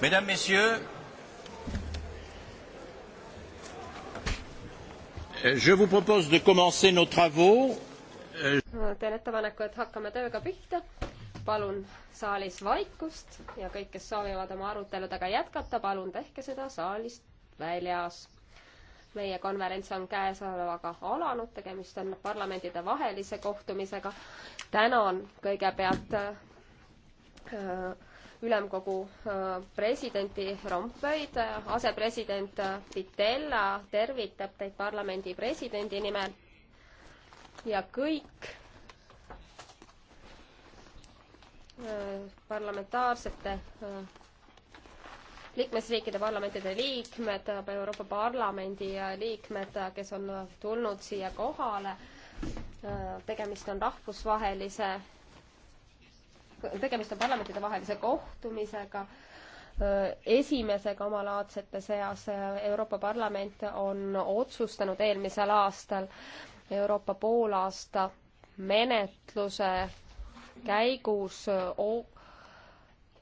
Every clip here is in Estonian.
Mesdames, Messieurs, je vous propose de commencer nos travaux. teen ettepaneku, et hakkame tööga pihta. palun saalis vaikust ja kõik, kes soovivad oma aruteludega jätkata, palun tehke seda saalist väljas. meie konverents on käesolevaga alanud, tegemist on parlamendide vahelise kohtumisega. tänan kõigepealt äh, ülemkogu äh, presidenti Rompuyd, asepresident Pitella tervitab teid parlamendi presidendi nimel ja kõik äh, parlamentaarsete äh, liikmesriikide parlamentide liikmed, Euroopa Parlamendi liikmed, kes on tulnud siia kohale. tegemist on rahvusvahelise tegemist on parlamentidevahelise kohtumisega, esimesega omalaadsete seas. Euroopa Parlament on otsustanud eelmisel aastal Euroopa poolaasta menetluse käigus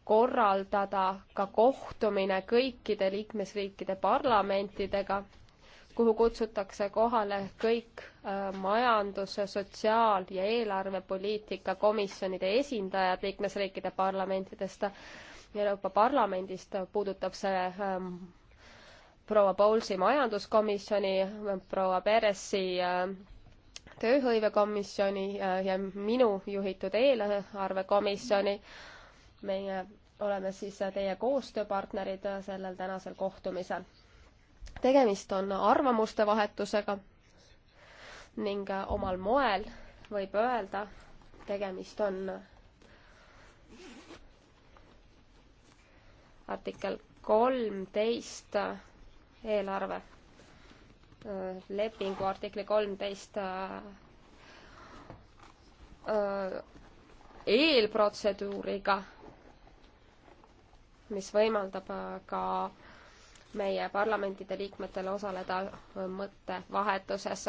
korraldada ka kohtumine kõikide liikmesriikide parlamentidega kuhu kutsutakse kohale kõik äh, majandus-, sotsiaal- ja eelarvepoliitika komisjonide esindajad liikmesriikide parlamentidest. Euroopa Parlamendist puudutab see ähm, proua Paulsi majanduskomisjoni, proua Peresi ähm, tööhõivekomisjoni äh, ja minu juhitud eelarvekomisjoni. meie oleme siis äh, teie koostööpartnerid äh, sellel tänasel kohtumisel tegemist on arvamuste vahetusega ning omal moel võib öelda, tegemist on artikkel kolmteist eelarve lepingu artikli kolmteist eelprotseduuriga, mis võimaldab ka äh, meie parlamentide liikmetel osaleda mõttevahetuses.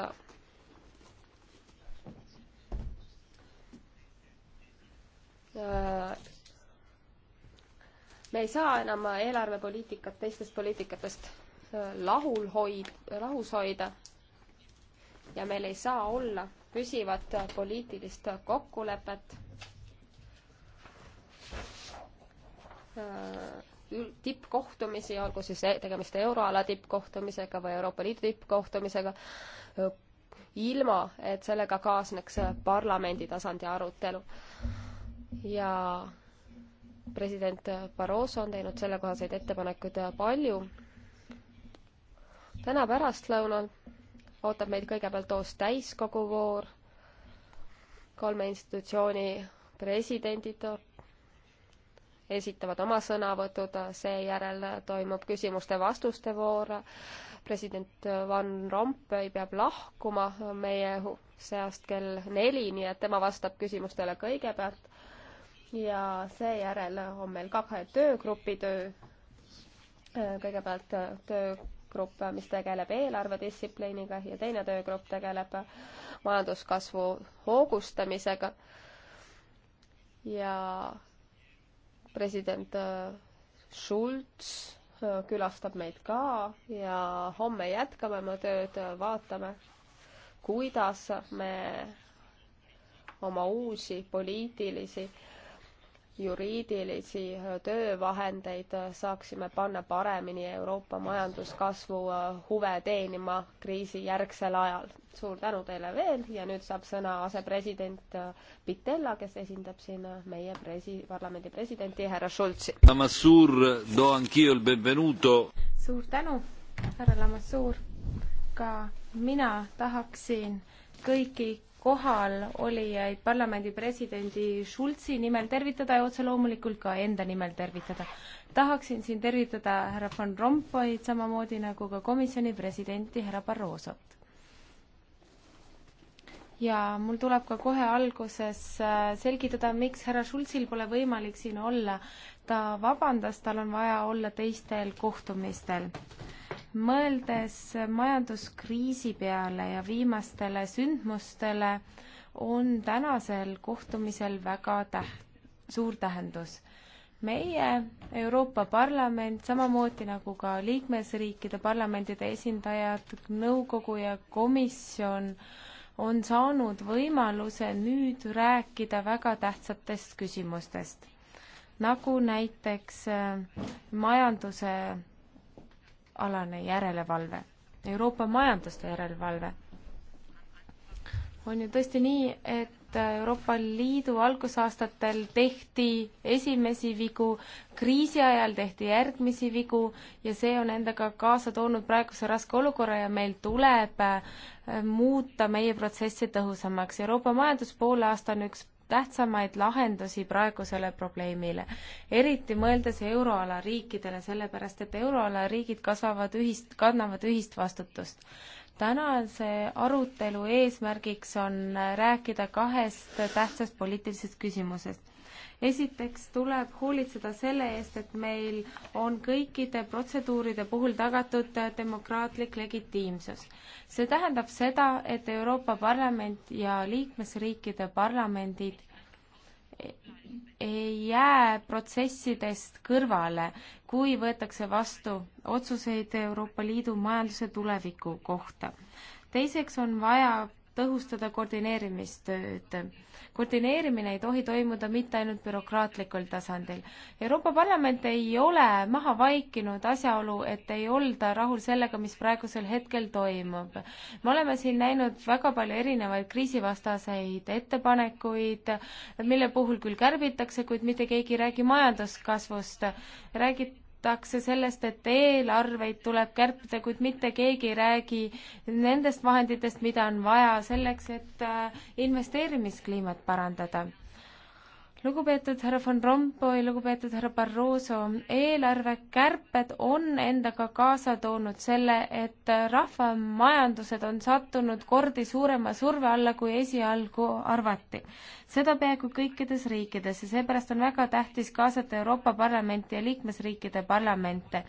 me ei saa enam eelarvepoliitikat teistest poliitikatest lahul hoid-, lahus hoida ja meil ei saa olla püsivat poliitilist kokkulepet äh, tippkohtumisi, olgu siis e-, tegemist euroala tippkohtumisega või Euroopa Liidu tippkohtumisega, ilma et sellega kaasneks parlamendi tasandi arutelu. ja president Barroso on teinud sellekohaseid ettepanekuid palju. täna pärastlõunal ootab meid kõigepealt koos täiskogu voor, kolme institutsiooni presidendid esitavad oma sõnavõtud, seejärel toimub küsimuste-vastuste voor. president Van Rompuy peab lahkuma meie seast kell neli, nii et tema vastab küsimustele kõigepealt. ja seejärel on meil kahe töögrupi töö. kõigepealt töögrupp, mis tegeleb eelarvedistsipliiniga ja teine töögrupp tegeleb majanduskasvu hoogustamisega ja president äh, Schulz äh, külastab meid ka ja homme jätkame oma tööd, äh, vaatame, kuidas me oma uusi poliitilisi juriidilisi töövahendeid saaksime panna paremini Euroopa majanduskasvu äh, huve teenima kriisijärgsel ajal. suur tänu teile veel ja nüüd saab sõna asepresident äh, Pitella, kes esindab siin äh, meie presi-, parlamendi presidenti härra Schulzi. suur tänu, härra Lamassoor, ka mina tahaksin kõiki kohal olijaid parlamendi presidendi Schulzi nimel tervitada ja otse loomulikult ka enda nimel tervitada. tahaksin siin tervitada härra Van Rompuyd samamoodi nagu ka komisjoni presidenti härra Barrosot. ja mul tuleb ka kohe alguses äh, selgitada, miks härra Schulzil pole võimalik siin olla. ta vabandas, tal on vaja olla teistel kohtumistel mõeldes majanduskriisi peale ja viimastele sündmustele, on tänasel kohtumisel väga täht-, suur tähendus. meie, Euroopa Parlament, samamoodi nagu ka liikmesriikide parlamendide esindajad, nõukogu ja komisjon, on saanud võimaluse nüüd rääkida väga tähtsatest küsimustest, nagu näiteks äh, majanduse alane järelevalve, Euroopa majanduste järelevalve. on ju tõesti nii, et Euroopa Liidu algusaastatel tehti esimesi vigu, kriisi ajal tehti järgmisi vigu ja see on endaga kaasa toonud praeguse raske olukorra ja meil tuleb muuta meie protsessi tõhusamaks. Euroopa majanduspoole aasta on üks tähtsamaid lahendusi praegusele probleemile. eriti mõeldes euroala riikidele, sellepärast et euroala riigid kasvavad ühist, kannavad ühist vastutust tänase arutelu eesmärgiks on rääkida kahest tähtsast poliitilisest küsimusest esiteks tuleb hoolitseda selle eest, et meil on kõikide protseduuride puhul tagatud demokraatlik legitiimsus. see tähendab seda, et Euroopa Parlament ja liikmesriikide parlamendid ei jää protsessidest kõrvale, kui võetakse vastu otsuseid Euroopa Liidu majanduse tuleviku kohta. teiseks on vaja tõhustada koordineerimistööd. koordineerimine ei tohi toimuda mitte ainult bürokraatlikul tasandil. Euroopa Parlament ei ole maha vaikinud asjaolu, et ei olda rahul sellega, mis praegusel hetkel toimub. me oleme siin näinud väga palju erinevaid kriisivastaseid ettepanekuid, mille puhul küll kärbitakse, kuid mitte keegi ei räägi majanduskasvust. räägib räägitakse sellest, et eelarveid tuleb kärpida, kuid mitte keegi ei räägi nendest vahenditest, mida on vaja selleks, et äh, investeerimiskliimat parandada lugupeetud härra Van Rompuy, lugupeetud härra Barroso, eelarvekärped on endaga kaasa toonud selle, et rahvamajandused on sattunud kordi suurema surve alla, kui esialgu arvati. seda peaaegu kõikides riikides ja seepärast on väga tähtis kaasata Euroopa Parlamenti ja liikmesriikide parlamente.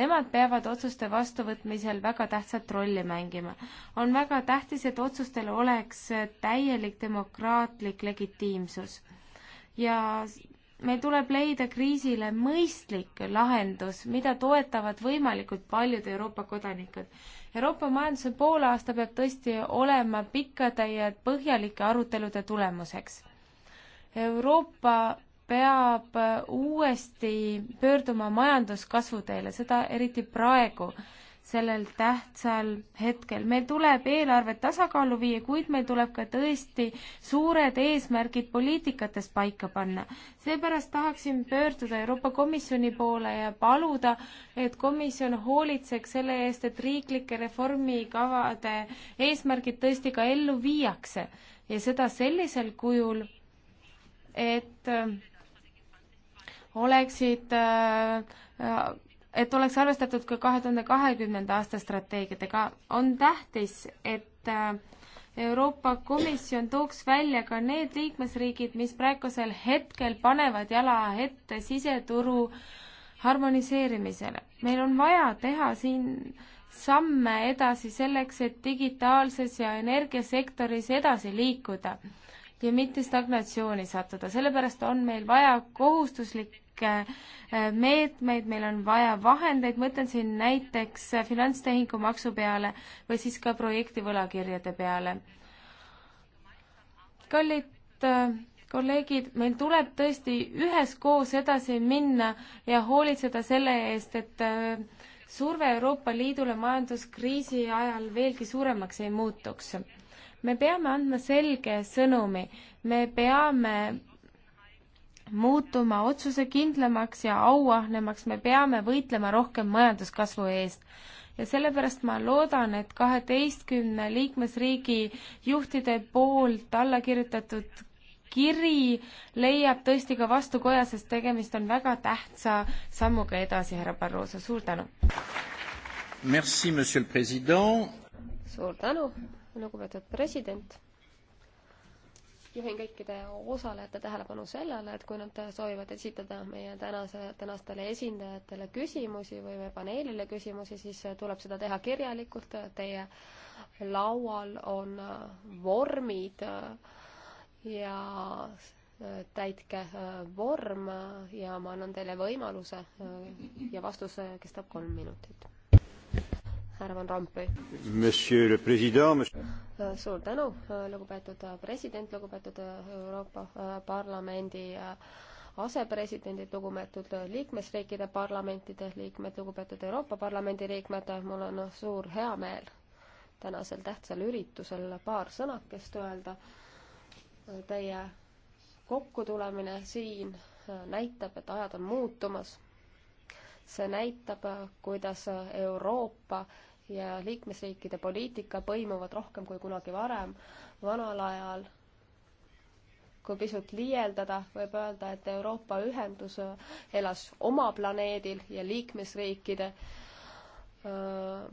Nemad peavad otsuste vastuvõtmisel väga tähtsat rolli mängima. on väga tähtis, et otsustel oleks täielik demokraatlik legitiimsus ja meil tuleb leida kriisile mõistlik lahendus, mida toetavad võimalikult paljud Euroopa kodanikud. Euroopa majanduse poolaasta peab tõesti olema pikkade ja põhjalike arutelude tulemuseks. Euroopa peab uuesti pöörduma majanduskasvu teele, seda eriti praegu, sellel tähtsal hetkel. meil tuleb eelarvet tasakaalu viia, kuid meil tuleb ka tõesti suured eesmärgid poliitikates paika panna. seepärast tahaksin pöörduda Euroopa Komisjoni poole ja paluda, et komisjon hoolitseks selle eest, et riiklike reformikavade eesmärgid tõesti ka ellu viiakse ja seda sellisel kujul, et äh, oleksid äh, äh et oleks arvestatud ka kahe tuhande kahekümnenda aasta strateegiatega, on tähtis, et äh, Euroopa Komisjon tooks välja ka need liikmesriigid, mis praegusel hetkel panevad jala ette siseturu harmoniseerimisele. meil on vaja teha siin samme edasi selleks, et digitaalses ja energiasektoris edasi liikuda ja mitte stagnatsiooni sattuda, sellepärast on meil vaja kohustuslik meetmeid, meil on vaja vahendeid, mõtlen siin näiteks finantstehingumaksu peale või siis ka projekti võlakirjade peale. kallid äh, kolleegid, meil tuleb tõesti üheskoos edasi minna ja hoolitseda selle eest, et äh, surve Euroopa Liidule majanduskriisi ajal veelgi suuremaks ei muutuks. me peame andma selge sõnumi, me peame muutuma otsusekindlamaks ja auahnemaks, me peame võitlema rohkem majanduskasvu eest. ja sellepärast ma loodan, et kaheteistkümne liikmesriigi juhtide poolt alla kirjutatud kiri leiab tõesti ka vastukoja, sest tegemist on väga tähtsa sammuga edasi, härra Barroso, suur tänu! suur tänu, lugupeetud president! juhin kõikide osalejate tähelepanu sellele, et kui nad soovivad esitada meie tänase, tänastele esindajatele küsimusi või meie paneelile küsimusi, siis tuleb seda teha kirjalikult, teie laual on vormid ja täitke vorm ja ma annan teile võimaluse ja vastus kestab kolm minutit härra Van Rompuy. Äh, suur tänu, äh, lugupeetud äh, president, lugupeetud Euroopa Parlamendi asepresidendid, lugupeetud liikmesriikide parlamentide liikmed, lugupeetud Euroopa Parlamendi liikmed, mul on suur heameel tänasel tähtsal üritusel paar sõnakest öelda. Teie kokkutulemine siin näitab, et ajad on muutumas see näitab, kuidas Euroopa ja liikmesriikide poliitika põimuvad rohkem kui kunagi varem. vanal ajal, kui pisut liialdada, võib öelda, et Euroopa ühendus elas oma planeedil ja liikmesriikide öö,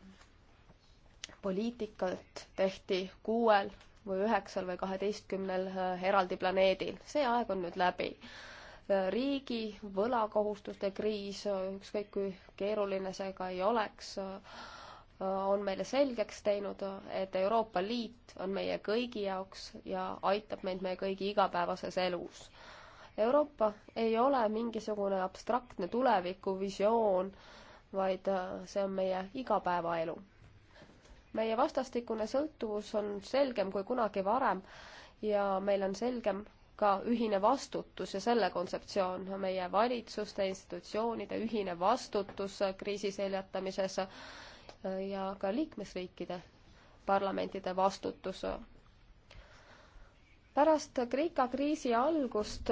poliitikat tehti kuuel või üheksal või kaheteistkümnel eraldi planeedil. see aeg on nüüd läbi riigi võlakohustuste kriis, ükskõik kui keeruline see ka ei oleks, on meile selgeks teinud, et Euroopa Liit on meie kõigi jaoks ja aitab meid meie kõigi igapäevases elus. Euroopa ei ole mingisugune abstraktne tulevikuvisioon, vaid äh, see on meie igapäevaelu. meie vastastikune sõltuvus on selgem kui kunagi varem ja meil on selgem ka ühine vastutus ja selle kontseptsioon, meie valitsuste, institutsioonide ühine vastutus kriisi seljatamises ja ka liikmesriikide parlamentide vastutus. pärast Kreeka kriisi algust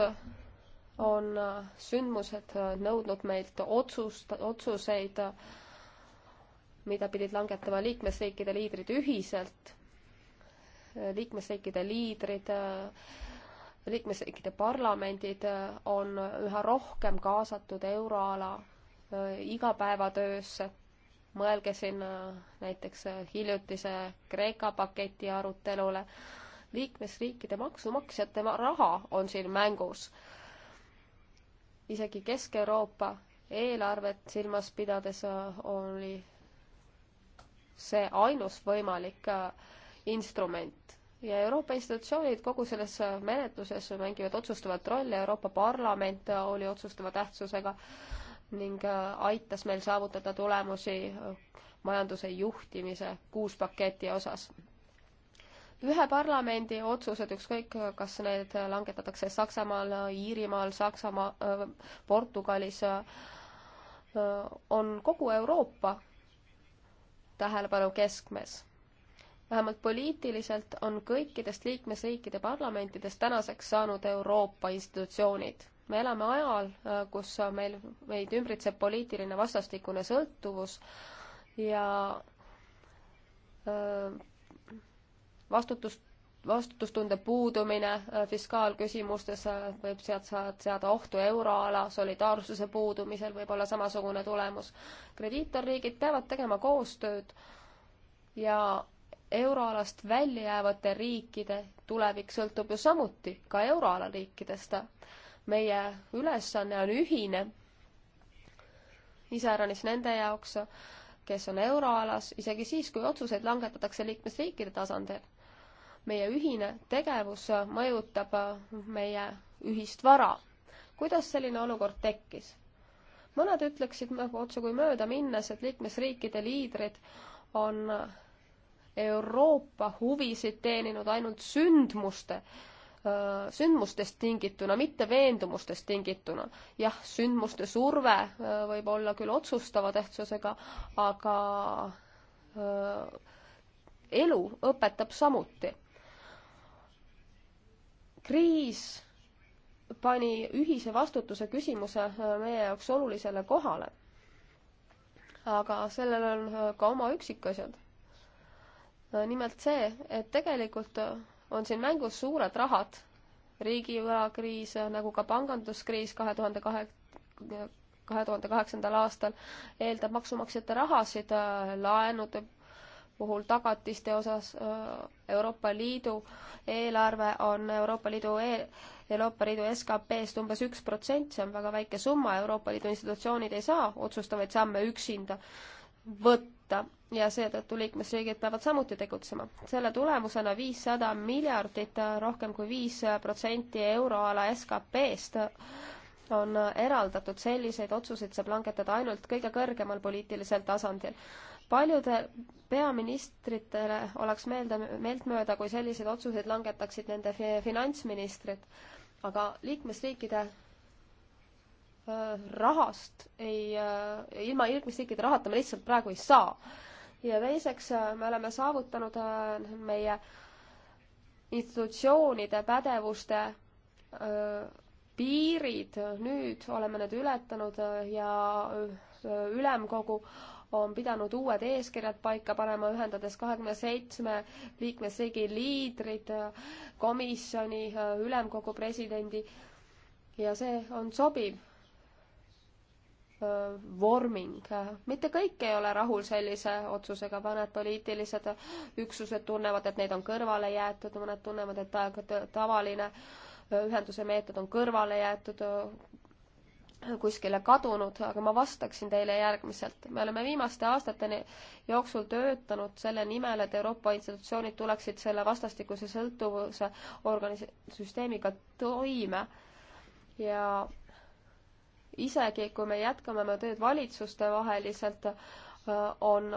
on sündmused nõudnud meilt otsust, otsuseid, mida pidid langetama liikmesriikide liidrid ühiselt, liikmesriikide liidrid äh, liikmesriikide parlamendid äh, on üha rohkem kaasatud euroala äh, igapäevatöösse. mõelge siin äh, näiteks hiljutise Kreeka paketi arutelule. liikmesriikide maksumaksjate raha on siin mängus. isegi Kesk-Euroopa eelarvet silmas pidades oli see ainus võimalik instrument ja Euroopa institutsioonid kogu selles menetluses mängivad otsustavat rolli, Euroopa Parlament oli otsustava tähtsusega ning äh, aitas meil saavutada tulemusi äh, majanduse juhtimise kuuspaketi osas. ühe parlamendi otsused, ükskõik, äh, kas need langetatakse Saksamaal, Iirimaal, Saksamaa, Portugalis, on kogu Euroopa tähelepanu keskmes vähemalt poliitiliselt on kõikidest liikmesriikide parlamentidest tänaseks saanud Euroopa institutsioonid. me elame ajal, äh, kus meil, meid ümbritseb poliitiline vastastikune sõltuvus ja äh, vastutus, vastutustunde puudumine äh, fiskaalküsimustes võib sealt saad seada ohtu euroala, solidaarsuse puudumisel võib olla samasugune tulemus. krediitorriigid peavad tegema koostööd ja euroalast välja jäävate riikide tulevik sõltub ju samuti ka euroala riikidest. meie ülesanne on ühine, iseäranis nende jaoks, kes on euroalas, isegi siis, kui otsuseid langetatakse liikmesriikide tasandil. meie ühine tegevus mõjutab meie ühist vara. kuidas selline olukord tekkis? mõned ütleksid nagu otsekui mööda minnes, et liikmesriikide liidrid on Euroopa huvisid teeninud ainult sündmuste, sündmustest tingituna, mitte veendumustest tingituna. jah, sündmuste surve võib olla küll otsustava tähtsusega, aga elu õpetab samuti. kriis pani ühise vastutuse küsimuse meie jaoks olulisele kohale. aga sellel on ka oma üksikasjad Äh, nimelt see, et tegelikult äh, on siin mängus suured rahad, riigivõlakriis äh, nagu ka panganduskriis kahe tuhande kahe, kahe tuhande kaheksandal aastal eeldab maksumaksjate rahasid laenude puhul tagatiste osas Euroopa Liidu eelarve on Euroopa Liidu e Euroopa Liidu SKP-st umbes üks protsent, see on väga väike summa, Euroopa Liidu institutsioonid ei saa otsustavaid samme üksinda võtta ja seetõttu liikmesriigid peavad samuti tegutsema. selle tulemusena viissada miljardit, rohkem kui viis protsenti euroala SKP-st on eraldatud, selliseid otsuseid saab langetada ainult kõige kõrgemal poliitilisel tasandil. paljude peaministritele oleks meelde, meeltmööda, kui selliseid otsuseid langetaksid nende finantsministrid, aga liikmesriikide äh, rahast ei, äh, ilma liikmesriikide rahata me lihtsalt praegu ei saa ja teiseks, äh, me oleme saavutanud äh, meie institutsioonide pädevuste äh, piirid, nüüd oleme need ületanud ja ülemkogu on pidanud uued eeskirjad paika panema, ühendades kahekümne seitsme liikmesriigi liidrid, komisjoni, ülemkogu presidendi ja see on sobiv vorming. Äh, mitte kõik ei ole rahul sellise otsusega, mõned poliitilised üksused tunnevad, et neid on kõrvale jäetud, mõned tunnevad, et tavaline äh, ühenduse meetod on kõrvale jäetud, äh, kuskile kadunud, aga ma vastaksin teile järgmiselt. me oleme viimaste aastateni jooksul töötanud selle nimel, et Euroopa institutsioonid tuleksid selle vastastikuse sõltuvuse organis-, süsteemiga toime ja isegi kui me jätkame oma tööd valitsustevaheliselt, on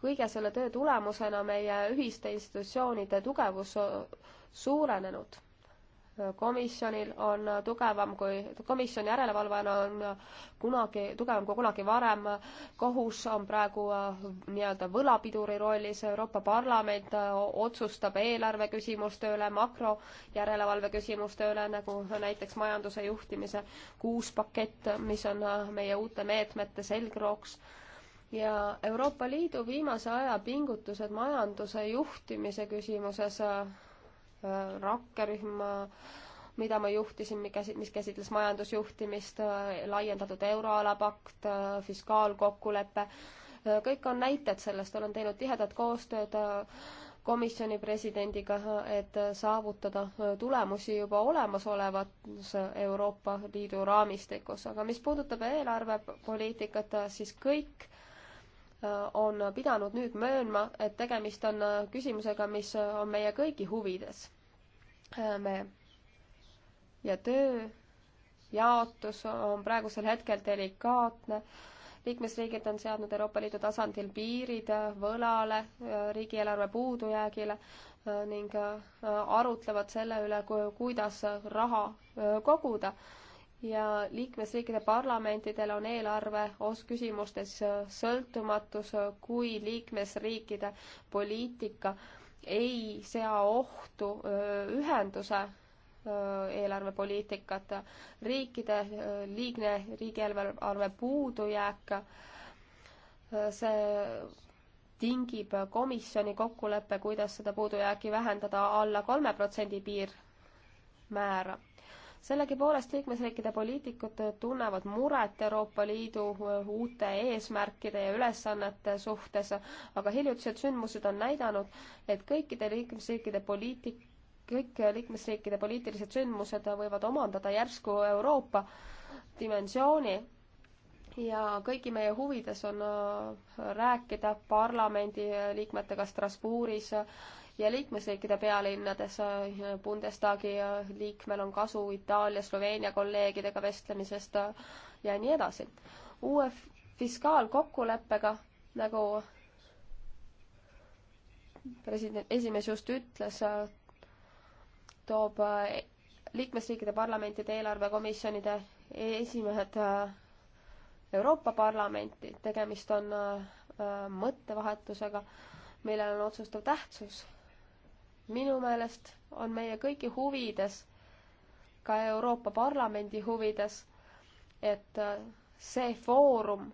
kõige selle töö tulemusena meie ühiste institutsioonide tugevus suurenenud komisjonil on tugevam kui, komisjoni järelevalvena on kunagi, tugevam kui kunagi varem, kohus on praegu äh, nii-öelda võlapiduri rollis, Euroopa Parlament äh, otsustab eelarve küsimuste üle, makrojärelevalve küsimuste üle, nagu näiteks majanduse juhtimise kuus pakett, mis on äh, meie uute meetmete selgrooks, ja Euroopa Liidu viimase aja pingutused majanduse juhtimise küsimuses Äh, rakkerühm, äh, mida ma juhtisin, mis käsitles majandusjuhtimist, äh, laiendatud euroala pakt, fiskaalkokkulepe, kõik on näited sellest, olen teinud tihedat koostööd komisjoni presidendiga, et saavutada tulemusi juba olemasolevas Euroopa Liidu raamistikus, aga mis puudutab eelarvepoliitikat, siis kõik on pidanud nüüd möönma, et tegemist on küsimusega, mis on meie kõigi huvides me ja töö jaotus on praegusel hetkel delikaatne. liikmesriigid on seadnud Euroopa Liidu tasandil piirid võlale, äh, riigieelarve puudujäägile äh, ning äh, arutlevad selle üle, kuidas raha koguda. ja liikmesriikide parlamentidel on eelarve os-, küsimustes sõltumatus kui liikmesriikide poliitika ei sea ohtu ühenduse eelarvepoliitikat, riikide liigne riigieelarve puudujääk, see tingib komisjoni kokkuleppe, kuidas seda puudujääki vähendada alla kolme protsendi piirmäära sellegipoolest liikmesriikide poliitikud tunnevad muret Euroopa Liidu uute eesmärkide ja ülesannete suhtes, aga hiljutised sündmused on näidanud, et kõikide liikmesriikide poliitik-, kõik liikmesriikide poliitilised sündmused võivad omandada järsku Euroopa dimensiooni ja kõigi meie huvides on äh, rääkida parlamendi liikmetega Strasbourgis ja liikmesriikide pealinnades äh, Bundestagi äh, liikmel on kasu Itaalia, Sloveenia kolleegidega vestlemisest äh, ja nii edasi. uue fiskaalkokkuleppega, nagu president, esimees just ütles, toob liikmesriikide parlamentide eelarvekomisjonide esimehed Euroopa Parlamenti, tegemist on mõttevahetusega, millel on otsustav tähtsus minu meelest on meie kõigi huvides, ka Euroopa Parlamendi huvides, et äh, see foorum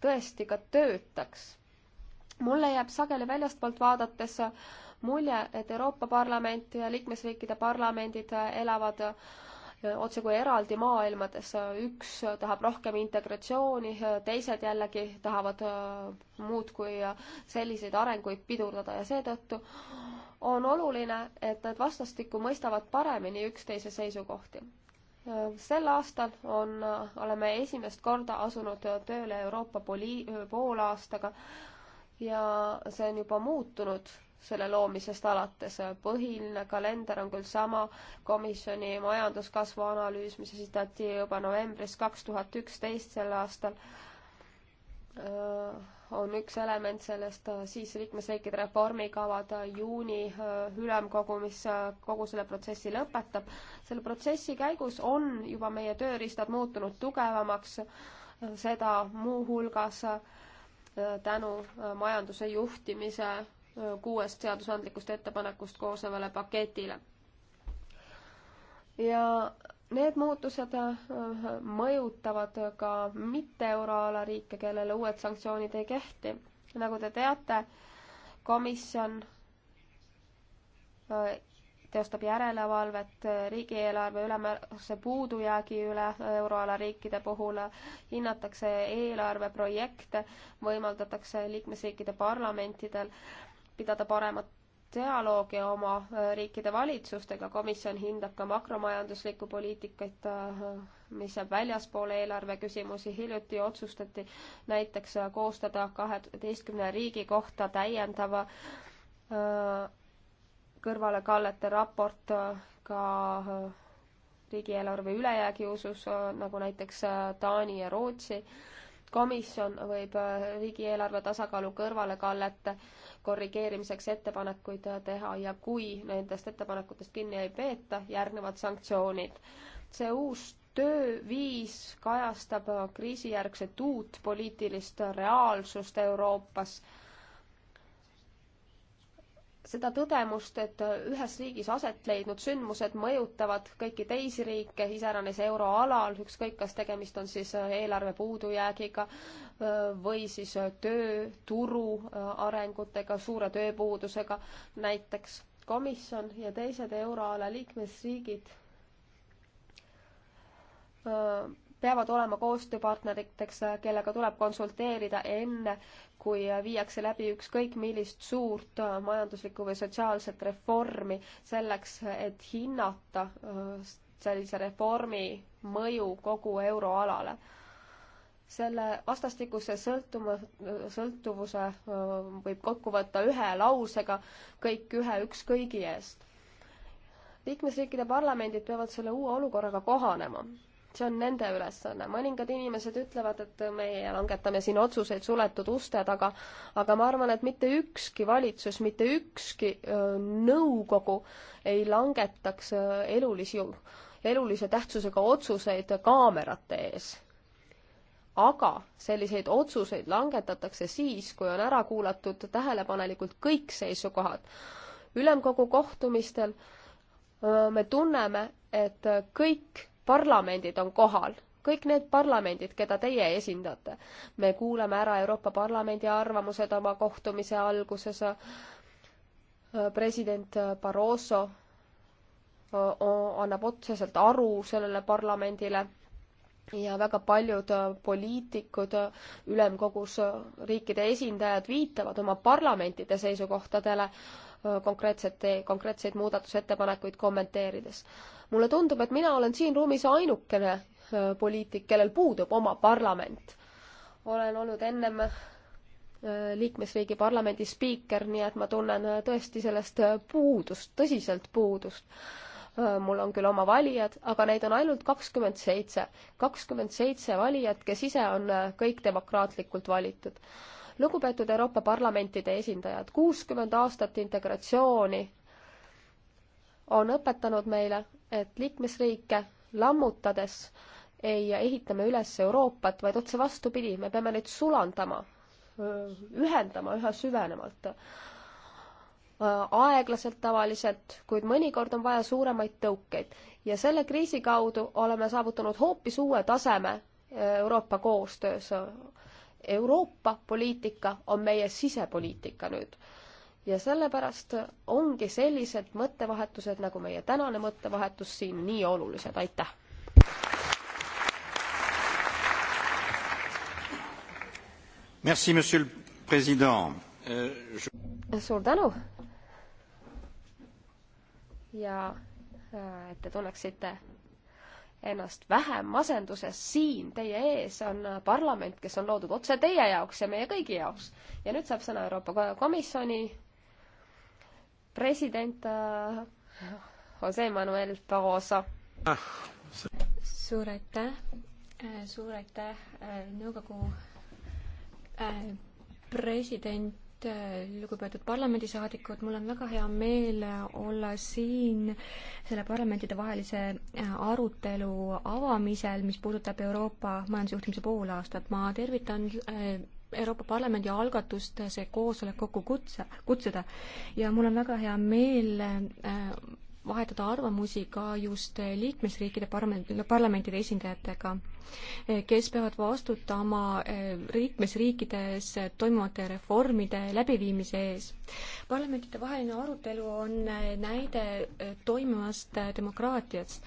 tõesti ka töötaks. mulle jääb sageli väljastpoolt vaadates äh, mulje, et Euroopa Parlament ja liikmesriikide parlamendid äh, elavad otsekui eraldi maailmades, üks tahab rohkem integratsiooni, teised jällegi tahavad muudkui selliseid arenguid pidurdada ja seetõttu on oluline, et nad vastastikku mõistavad paremini üksteise seisukohti. sel aastal on, oleme esimest korda asunud tööle Euroopa poli-, poolaastaga ja see on juba muutunud selle loomisest alates. põhiline kalender on küll sama, komisjoni majanduskasvu analüüs, mis esitati juba novembris kaks tuhat üksteist sel aastal on üks element sellest, äh, siis liikmesriikide reformikavad äh, juuni äh, ülemkogu, mis kogu selle protsessi lõpetab. selle protsessi käigus on juba meie tööriistad muutunud tugevamaks, seda muuhulgas tänu majanduse juhtimise kuuest seadusandlikust ettepanekust koosnevale paketile. ja Need muutused äh, mõjutavad ka mitte euroala riike, kellele uued sanktsioonid ei kehti. nagu te teate, komisjon äh, teostab järelevalvet riigieelarve ülemäärase puudujäägi üle euroala riikide puhul, hinnatakse eelarveprojekte, võimaldatakse liikmesriikide parlamentidel pidada paremat dialoogi oma äh, riikide valitsustega, komisjon hindab ka makromajanduslikku poliitikat, äh, mis jääb väljaspoole eelarve küsimusi, hiljuti otsustati näiteks äh, koostada kaheteistkümne riigi kohta täiendava kõrvalekallete raport ka riigieelarve ülejäägi usus, nagu näiteks Taani ja Rootsi. komisjon võib riigieelarve tasakaalu kõrvalekallete äh, korrigeerimiseks ettepanekuid teha ja kui nendest ettepanekutest kinni ei peeta, järgnevad sanktsioonid. see uus tööviis kajastab kriisijärgset uut poliitilist reaalsust Euroopas seda tõdemust, et ühes riigis aset leidnud sündmused mõjutavad kõiki teisi riike, iseäranis euroalal, ükskõik, kas tegemist on siis äh, eelarve puudujäägiga äh, või siis äh, tööturu arengutega, suure tööpuudusega näiteks. komisjon ja teised euroala liikmesriigid peavad olema koostööpartneriteks, kellega tuleb konsulteerida enne, kui viiakse läbi ükskõik millist suurt majanduslikku või sotsiaalset reformi, selleks et hinnata äh, sellise reformi mõju kogu euroalale. selle vastastikuse sõltuma, sõltuvuse äh, võib kokku võtta ühe lausega kõik ühe ükskõigi eest liikmesriikide parlamendid peavad selle uue olukorraga kohanema see on nende ülesanne. mõningad inimesed ütlevad, et meie langetame siin otsuseid suletud uste taga, aga ma arvan, et mitte ükski valitsus, mitte ükski öö, nõukogu ei langetaks elulisi, elulise tähtsusega otsuseid kaamerate ees. aga selliseid otsuseid langetatakse siis, kui on ära kuulatud tähelepanelikult kõik seisukohad. ülemkogu kohtumistel öö, me tunneme, et kõik parlamendid on kohal, kõik need parlamendid, keda teie esindate. me kuulame ära Euroopa Parlamendi arvamused oma kohtumise alguses. president Barroso annab otseselt aru sellele parlamendile ja väga paljud poliitikud ülemkogus, riikide esindajad viitavad oma parlamentide seisukohtadele konkreetsete, konkreetseid muudatusettepanekuid kommenteerides mulle tundub, et mina olen siin ruumis ainukene poliitik, kellel puudub oma parlament. olen olnud ennem liikmesriigi parlamendi spiiker, nii et ma tunnen tõesti sellest puudust, tõsiselt puudust. mul on küll oma valijad, aga neid on ainult kakskümmend seitse. kakskümmend seitse valijat, kes ise on kõik demokraatlikult valitud. lugupeetud Euroopa parlamentide esindajad, kuuskümmend aastat integratsiooni on õpetanud meile, et liikmesriike lammutades ei ehita me üles Euroopat, vaid otse vastupidi, me peame neid sulandama, ühendama üha süvenevalt. aeglaselt tavaliselt, kuid mõnikord on vaja suuremaid tõukeid ja selle kriisi kaudu oleme saavutanud hoopis uue taseme Euroopa koostöös. Euroopa poliitika on meie sisepoliitika nüüd ja sellepärast ongi sellised mõttevahetused, nagu meie tänane mõttevahetus siin, nii olulised, aitäh! Merci, monsieur le président. Euh, je... Suur tänu ja äh, et te tunneksite ennast vähem masenduses siin teie ees on parlament, kes on loodud otse teie jaoks ja meie kõigi jaoks. ja nüüd saab sõna Euroopa Komisjoni president äh, Jose Manuel Barroso ah,. suur aitäh, äh, suur aitäh äh, nõukogu president lugupeetud parlamendisaadikud, mul on väga hea meel olla siin selle parlamentidevahelise arutelu avamisel, mis puudutab Euroopa majandusjuhtimise poolaastat. ma tervitan Euroopa Parlamendi algatust see koosolek kokku kutse, kutsuda ja mul on väga hea meel äh, vahetada arvamusi ka just liikmesriikide parlamentide esindajatega, äh, kes peavad vastutama äh, liikmesriikides toimuvate reformide läbiviimise ees. parlamentide vaheline arutelu on näide toimivast demokraatiast.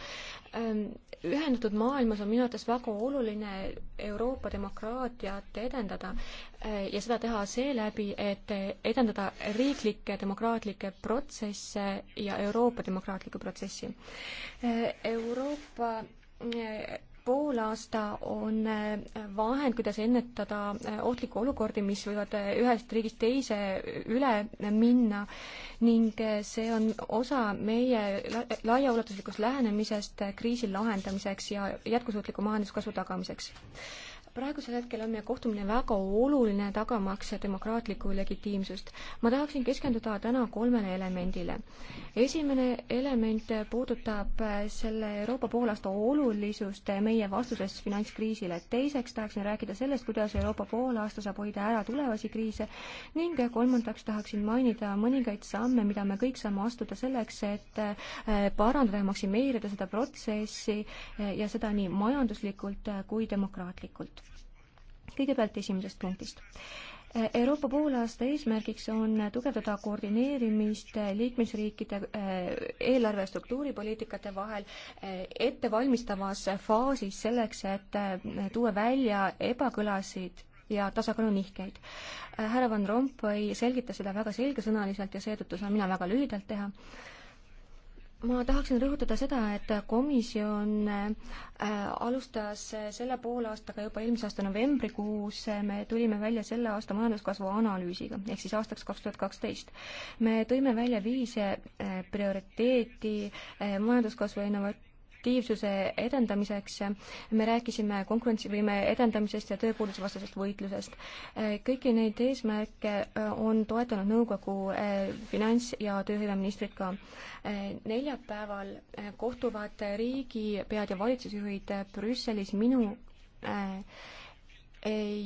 Ehm, ühendatud maailmas on minu arvates väga oluline Euroopa demokraatiat edendada eh, ja seda teha seeläbi, et edendada riiklikke demokraatlikke protsesse ja Euroopa demokraatlikku protsessi. Eh, Euroopa eh, poolaasta on äh, vahend, kuidas ennetada äh, ohtlikke olukordi, mis võivad äh, ühest riigist teise üle minna ning see on osa meie laiaulatuslikust lähenemisest kriisi lahendamiseks ja jätkusuutliku majanduskasvu tagamiseks praegusel hetkel on meie kohtumine väga oluline, tagamaks demokraatlikku legitiimsust. ma tahaksin keskenduda täna kolmele elemendile. esimene element puudutab selle Euroopa poolaasta olulisust meie vastuses finantskriisile. teiseks tahaksin rääkida sellest, kuidas Euroopa poolaasta saab hoida ära tulevasi kriise ning kolmandaks tahaksin mainida mõningaid samme, mida me kõik saame astuda selleks, et eh, parandada ja maksimeerida seda protsessi eh, ja seda nii majanduslikult eh, kui demokraatlikult kõigepealt esimesest punktist. Euroopa poolaasta eesmärgiks on tugevdada koordineerimist liikmesriikide eh, eelarve struktuuripoliitikate vahel eh, ettevalmistavas faasis selleks, et eh, tuua välja ebakõlasid ja tasakaalunihkeid. härra Van Rompuy selgitas seda väga selgesõnaliselt ja seetõttu saan mina väga lühidalt teha ma tahaksin rõhutada seda, et komisjon äh, alustas selle poolaastaga juba eelmise aasta novembrikuus, me tulime välja selle aasta majanduskasvu analüüsiga, ehk siis aastaks kaks tuhat kaksteist. me tõime välja viis äh, prioriteeti äh, majanduskasvu innovat-, aktiivsuse edendamiseks. me rääkisime konkurentsivõime edendamisest ja tööpuuduse vastasest võitlusest. kõiki neid eesmärke äh, on toetanud nõukogu äh, finants- ja tööhõiveministrid ka. Äh, neljapäeval kohtuvad riigipead ja valitsusjuhid Brüsselis minu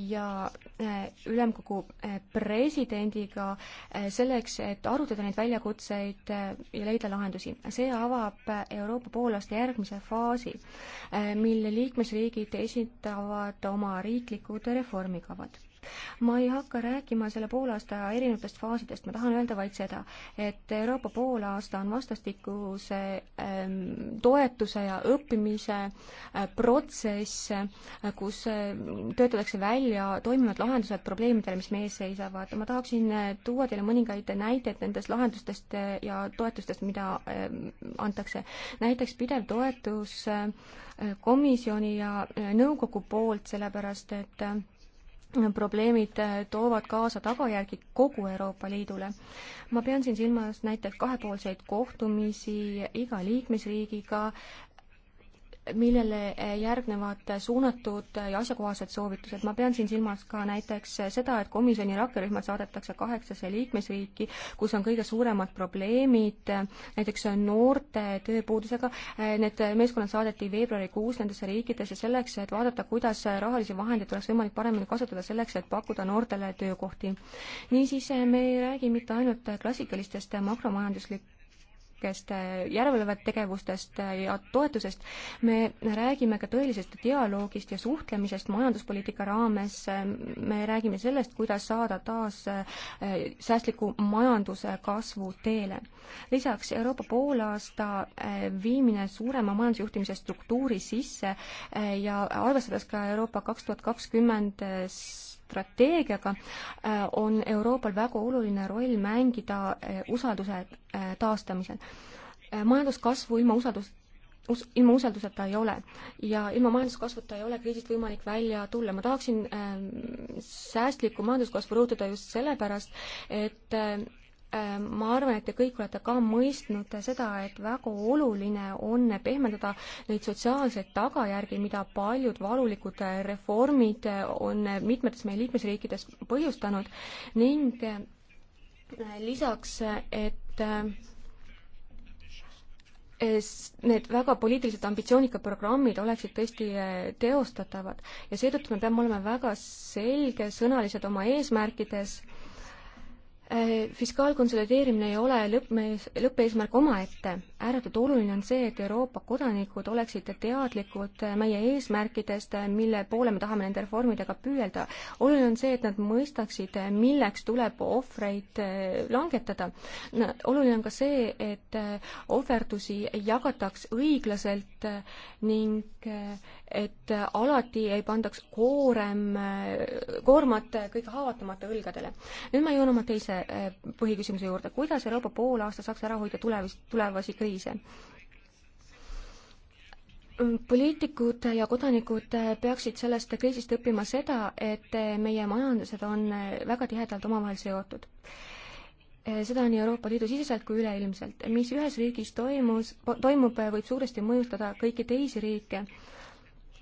ja äh, ülemkogu äh, presidendiga äh, selleks, et arutada neid väljakutseid ja leida lahendusi. see avab Euroopa poolaasta järgmise faasi, mille liikmesriigid esitavad oma riiklikud reformikavad ma ei hakka rääkima selle poolaasta erinevatest faasidest, ma tahan öelda vaid seda, et Euroopa poolaasta on vastastikuse ähm, toetuse ja õppimise äh, protsess äh,, kus äh, töötatakse välja toimivad lahendused probleemidele, mis meie ees seisavad. ma tahaksin äh, tuua teile mõningaid näiteid nendest lahendustest äh, ja toetustest, mida ähm, antakse. näiteks pidev toetus äh, komisjoni ja nõukogu poolt, sellepärast et probleemid äh, toovad kaasa tagajärgi kogu Euroopa Liidule. ma pean siin silmas näiteks kahepoolseid kohtumisi iga liikmesriigiga, millele eh, järgnevad suunatud ja asjakohased soovitused. ma pean siin silmas ka näiteks seda, et komisjoni rakkerühmad saadetakse kaheksasse liikmesriiki, kus on kõige suuremad probleemid, näiteks noorte tööpuudusega. Eh, need meeskonnad saadeti veebruarikuus nendesse riikidesse selleks, et vaadata, kuidas rahalisi vahendeid oleks võimalik paremini kasutada selleks, et pakkuda noortele töökohti. niisiis, eh, me ei räägi mitte ainult klassikalistest makromajanduslikest kõikvõimalikest äh, järelevalvetegevustest äh, ja toetusest. me räägime ka tõelisest dialoogist ja suhtlemisest majanduspoliitika raames. me räägime sellest, kuidas saada taas äh, säästliku majanduse kasvu teele. lisaks Euroopa poolaasta viimine suurema majandusjuhtimise struktuuri sisse ja arvestades ka Euroopa kaks tuhat kakskümmend strateegiaga äh, on Euroopal väga oluline roll mängida äh, usalduse äh, taastamisel. majanduskasvu ilma usaldus, us-, ilma usalduseta ei ole. ja ilma majanduskasvuta ei ole kriisist võimalik välja tulla. ma tahaksin äh, säästlikku majanduskasvu rõhutada just sellepärast, et äh, Äh, ma arvan, et te kõik olete ka mõistnud seda, et väga oluline on pehmendada neid sotsiaalseid tagajärgi, mida paljud valulikud reformid on mitmetes meie liikmesriikides põhjustanud ning äh, lisaks, et äh, need väga poliitiliselt ambitsioonikad programmid oleksid tõesti teostatavad ja seetõttu me peame olema väga selgesõnalised oma eesmärkides Äh, fiskaalkonsolideerimine ei ole lõppmees, lõppeesmärk omaette ääretult oluline on see, et Euroopa kodanikud oleksid teadlikud meie eesmärkidest, mille poole me tahame nende reformidega püüelda. oluline on see, et nad mõistaksid, milleks tuleb ohvreid eh, langetada. oluline on ka see, et eh, ohverdusi jagataks õiglaselt eh, ning et alati ei pandaks koorem, koormat kõige haavatavamate õlgadele. nüüd ma jõuan oma teise põhiküsimuse juurde, kuidas Euroopa poolaasta saaks ära hoida tulevist, tulevasi kriise? kriise poliitikud ja kodanikud peaksid sellest kriisist õppima seda, et meie majandused on väga tihedalt omavahel seotud. seda nii Euroopa Liidu siseselt kui üleilmselt. mis ühes riigis toimus, toimub, võib suuresti mõjutada kõiki teisi riike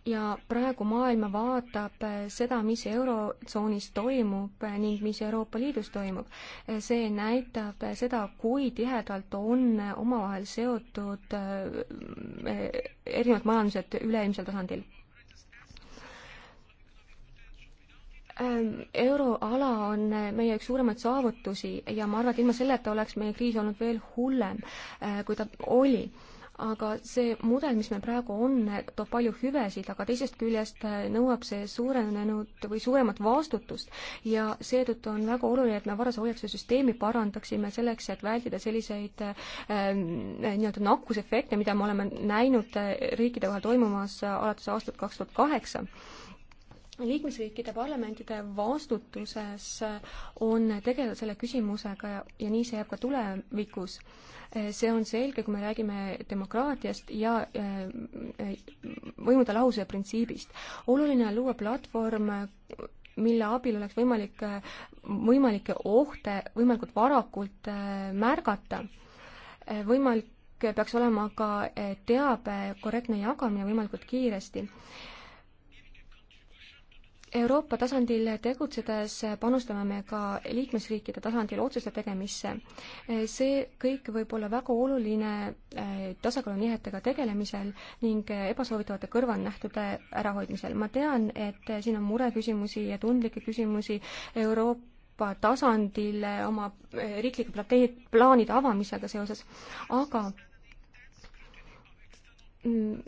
ja praegu maailm vaatab äh, seda, mis Eurotsoonis toimub äh, ning mis Euroopa Liidus toimub. Äh, see näitab seda, kui tihedalt on omavahel seotud erinevad majandused üleilmsel tasandil ähm, Euroala on meie üks suuremaid saavutusi ja ma arvan, et ilma selleta oleks meie kriis olnud veel hullem, kui ta oli aga see mudel, mis meil praegu on, toob palju hüvesid, aga teisest küljest äh, nõuab see suurenenud või suuremat vastutust ja seetõttu on väga oluline, et me varase hoiatuse süsteemi parandaksime selleks, et vältida selliseid äh, nii-öelda nakkusefekte, mida me oleme näinud äh, riikide vahel toimumas äh, alates aastat kaks tuhat kaheksa liikmesriikide parlamentide vastutuses on tegeleda selle küsimusega ja, ja nii see jääb ka tulevikus äh, see on selge, kui me räägime demokraatiast ja äh, võimude lahususe printsiibist. oluline on luua platvorm, mille abil oleks võimalik võimalikke ohte võimalikult varakult äh, märgata. Äh, võimalik peaks olema ka teabe korrektne jagamine võimalikult kiiresti Euroopa tasandil tegutsedes panustame me ka liikmesriikide tasandil otsuste tegemisse. see kõik võib olla väga oluline äh, tasakaalunihetega tegelemisel ning ebasoovitavate kõrvalnähtude ärahoidmisel. ma tean, et siin on mureküsimusi ja tundlikke küsimusi Euroopa tasandil oma äh, riiklike plateed, plaanide avamisega seoses, aga mm,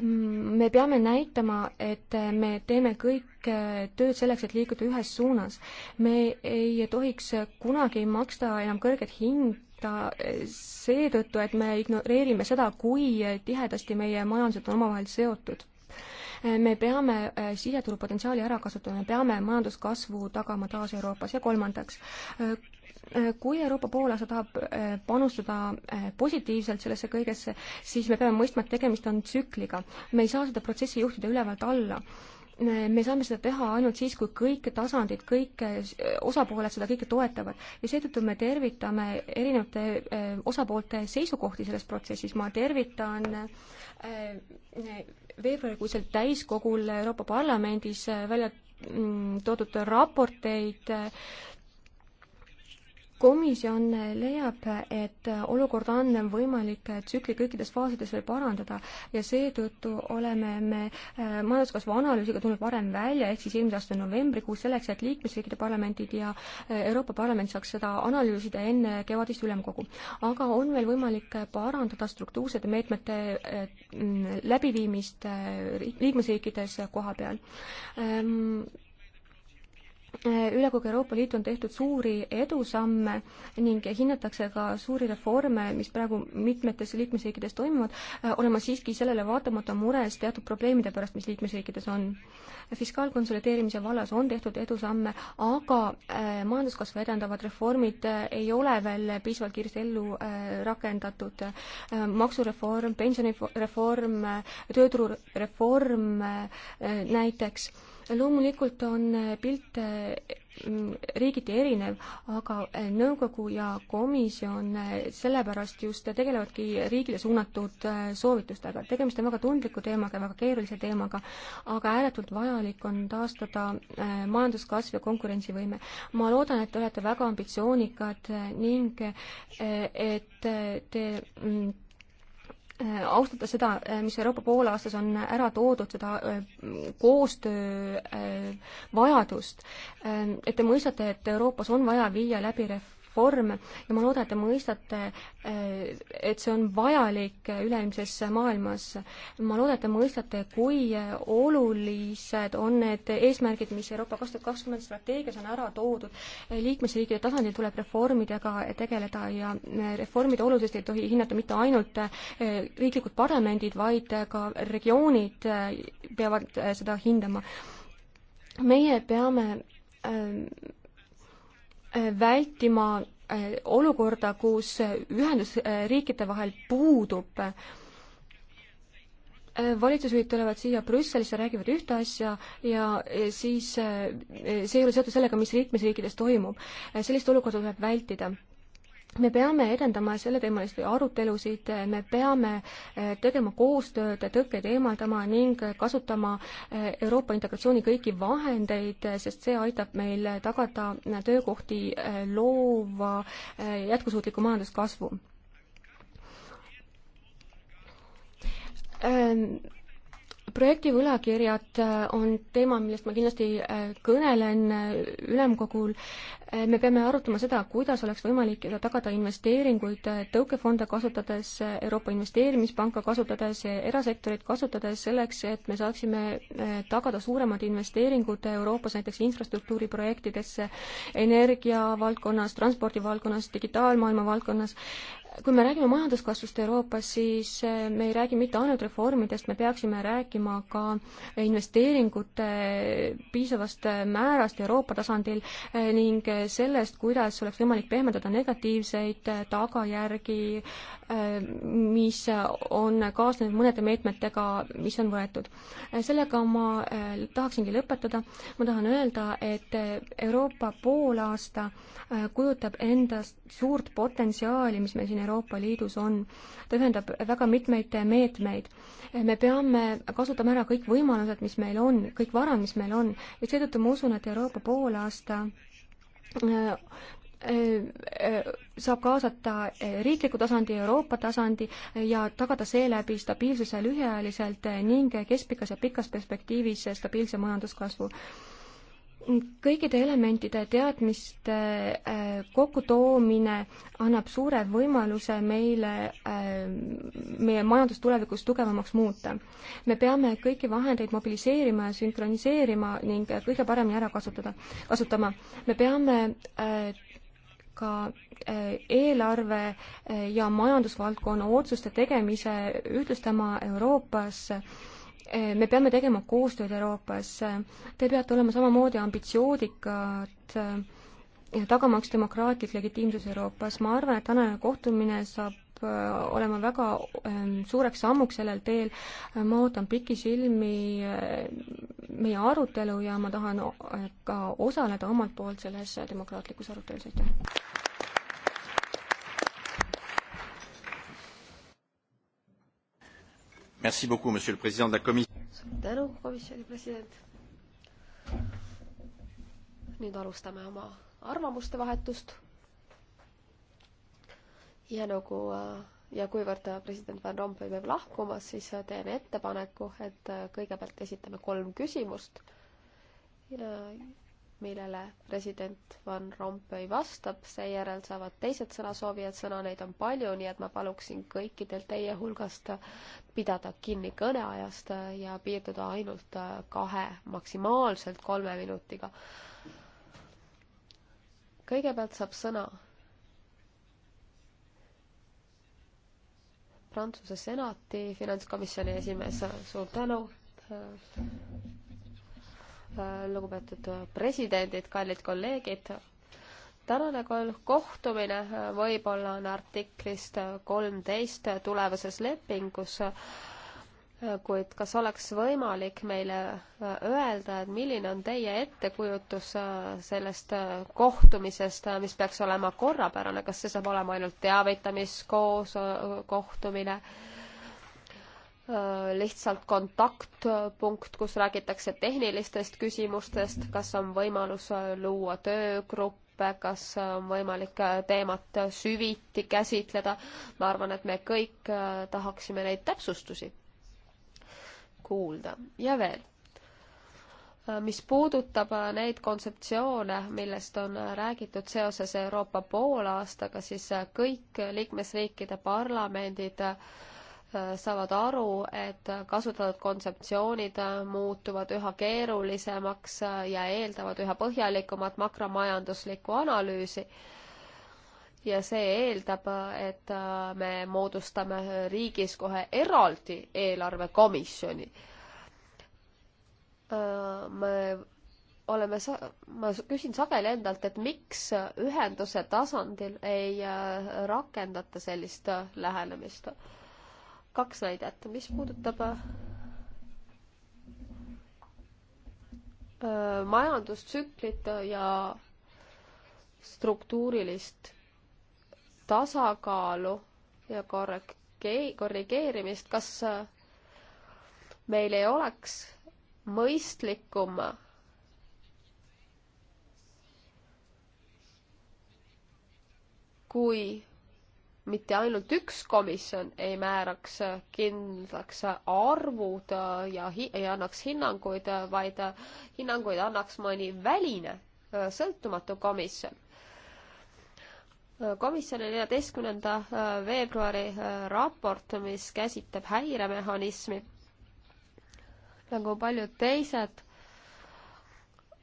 Mm, me peame näitama, et me teeme kõik äh, tööd selleks, et liikuda ühes suunas. me ei tohiks kunagi maksta enam kõrget hinda äh, seetõttu, et me ignoreerime seda, kui tihedasti meie majandused on omavahel seotud. Äh, me peame siseturu potentsiaali ära kasutama, me peame majanduskasvu tagama taas Euroopas ja kolmandaks, Äh, kui Euroopa poolaasta tahab äh, panustada äh, positiivselt sellesse kõigesse, siis me peame mõistma, et tegemist on tsükliga. me ei saa seda protsessi juhtida ülevalt alla me saame seda teha ainult siis, kui kõik tasandid, kõik osapooled seda kõike toetavad. ja seetõttu me tervitame erinevate osapoolte seisukohti selles protsessis, ma tervitan veebruarikuisel täiskogul Euroopa Parlamendis välja mm, toodud raporteid komisjon leiab, et olukorda on võimalik tsükli kõikides faasides veel parandada ja seetõttu oleme me äh, majanduskasvu analüüsiga tulnud varem välja, ehk siis eelmise aasta novembrikuus, selleks et liikmesriikide parlamendid ja äh, Euroopa Parlament saaks seda analüüsida enne kevadist ülemkogu. aga on veel võimalik parandada struktuursete meetmete äh, läbiviimist liikmesriikides koha peal ehm, Äh, üle kogu Euroopa Liitu on tehtud suuri edusamme ning hinnatakse ka suuri reforme, mis praegu mitmetes liikmesriikides toimuvad, äh, olen ma siiski sellele vaatamata mures teatud probleemide pärast, mis liikmesriikides on. fiskaalkonsolideerimise vallas on tehtud edusamme, aga äh, majanduskasvu edendavad reformid ei ole veel piisavalt kiiresti ellu rakendatud. maksureform, pensionireform, tööturureform näiteks loomulikult on eh, pilt eh, riigiti erinev, aga eh, nõukogu ja komisjon sellepärast just tegelevadki riigile suunatud soovitustega. tegemist on väga tundliku teemaga, väga keerulise teemaga, aga ääretult vajalik on taastada majanduskasv ja konkurentsivõime. ma loodan, et te olete väga ambitsioonikad ning et te Äh, austada seda, äh, mis Euroopa poolaastas on ära toodud, seda äh, koostöö vajadust, et te mõistate, et Euroopas on vaja viia läbi ref-, reform ja ma loodan, et te mõistate, et see on vajalik üleilmses maailmas. ma loodan, et te mõistate, kui olulised on need eesmärgid, mis Euroopa kaks tuhat kakskümmend strateegias on ära toodud. liikmesriikide tasandil tuleb reformidega tegeleda ja reformide olulisust ei tohi hinnata mitte ainult riiklikud parlamendid, vaid ka regioonid peavad seda hindama meie peame ähm, vältima äh, olukorda, kus ühendusriikide äh, vahel puudub äh, valitsusjuhid tulevad siia Brüsselisse, räägivad ühte asja ja siis see ei ole seotud sellega, mis liikmesriikides toimub. sellist olukorda tuleb vältida me peame edendama selleteemalisi arutelusid, me peame eh, tegema koostööd, tõkkeid eemaldama ning kasutama eh, Euroopa integratsiooni kõiki vahendeid, sest see aitab meil tagada töökohti eh, loova jätkusuutliku majanduskasvu ehm, projekti võlakirjad äh, on teema, millest ma kindlasti äh, kõnelen äh, ülemkogul. me peame arutama seda, kuidas oleks võimalik tagada investeeringuid tõukefonde kasutades, Euroopa Investeerimispanka kasutades, erasektorit kasutades, selleks et me saaksime tagada suuremad investeeringud Euroopas näiteks infrastruktuuriprojektidesse, energia valdkonnas, transpordivaldkonnas, digitaalmaailma valdkonnas kui me räägime majanduskasvust Euroopas, siis äh, me ei räägi mitte ainult reformidest, me peaksime rääkima ka investeeringute äh, piisavast äh, määrast Euroopa tasandil ning sellest, kuidas oleks võimalik pehmendada negatiivseid tagajärgi, mis on kaasnenud mõnede meetmetega, mis on võetud. sellega ma tahaksingi lõpetada. ma tahan öelda, et Euroopa poolaasta kujutab endast suurt potentsiaali, mis meil siin Euroopa Liidus on. ta ühendab väga mitmeid meetmeid. me peame kasutama ära kõik võimalused, mis meil on, kõik varad, mis meil on, et seetõttu ma usun, et Euroopa poolaasta äh, äh, äh, saab kaasata riikliku tasandi, Euroopa tasandi ja tagada seeläbi stabiilsuse lühiajaliselt ning keskpikas ja pikas perspektiivis stabiilse majanduskasvu kõikide elementide teadmiste äh, kokkutoomine annab suure võimaluse meile, äh, meie majandust tulevikus tugevamaks muuta. me peame kõiki vahendeid mobiliseerima ja sünkroniseerima ning kõige paremini ära kasutada, kasutama. me peame äh, ka eelarve ja majandusvaldkonna otsuste tegemise ühtlustama Euroopas äh, me peame tegema koostööd Euroopas, te peate olema samamoodi ambitsioonikad ja tagamaks demokraatlik legitiimsus Euroopas, ma arvan, et tänane kohtumine saab äh, olema väga ähm, suureks sammuks sellel teel. ma ootan pikisilmi äh, meie arutelu ja ma tahan äh, ka osaleda omalt poolt selles demokraatlikus arutelus, aitäh! Merci beaucoup, monsieur le president de la komisjon. suur tänu, komisjoni president. nüüd alustame oma arvamuste vahetust. ja nagu äh, ja kuivõrd äh, president Van Rompuy peab lahkuma, siis äh, teeme ettepaneku, et kõigepealt esitame kolm küsimust ja millele president Van Rompuy vastab, seejärel saavad teised sõnasoovijad sõna, neid on palju, nii et ma paluksin kõikidel teie hulgast pidada kinni kõneajast ja piirduda ainult kahe, maksimaalselt kolme minutiga. kõigepealt saab sõna Prantsuse senati finantskomisjoni esimees, suur tänu Äh, lugupeetud äh, presidendid, kallid kolleegid. tänane kohtumine äh, võib-olla on artiklist kolmteist tulevases lepingus, kuid kas oleks võimalik meile öelda, et milline on teie ettekujutus sellest kohtumisest, mis peaks olema korrapärane, kas see saab olema ainult teavitamiskoos kohtumine? Äh, lihtsalt kontaktpunkt, kus räägitakse tehnilistest küsimustest, kas on võimalus äh, luua töögruppe, kas äh, on võimalik teemat süviti käsitleda. ma arvan, et me kõik tahaksime neid täpsustusi kuulda ja veel. mis puudutab neid kontseptsioone, millest on räägitud seoses Euroopa poolaastaga, siis kõik liikmesriikide parlamendid äh, saavad aru, et kasutatud kontseptsioonid muutuvad üha keerulisemaks ja eeldavad üha põhjalikumat makromajanduslikku analüüsi. ja see eeldab, et me moodustame riigis kohe eraldi eelarvekomisjoni. me oleme sa-, ma küsin sageli endalt, et miks ühenduse tasandil ei rakendata sellist lähenemist kaks väidet, mis puudutab äh, majandustsüklit ja struktuurilist tasakaalu ja korrege-, korrigeerimist, kas äh, meil ei oleks mõistlikum kui mitte ainult üks komisjon ei määraks kindlaks arvud ja hi-, ei annaks hinnanguid, vaid hinnanguid annaks mõni väline sõltumatu komisjon. komisjoni neljateistkümnenda äh, veebruari äh, raport, mis käsitleb häiremehhanismi, nagu paljud teised,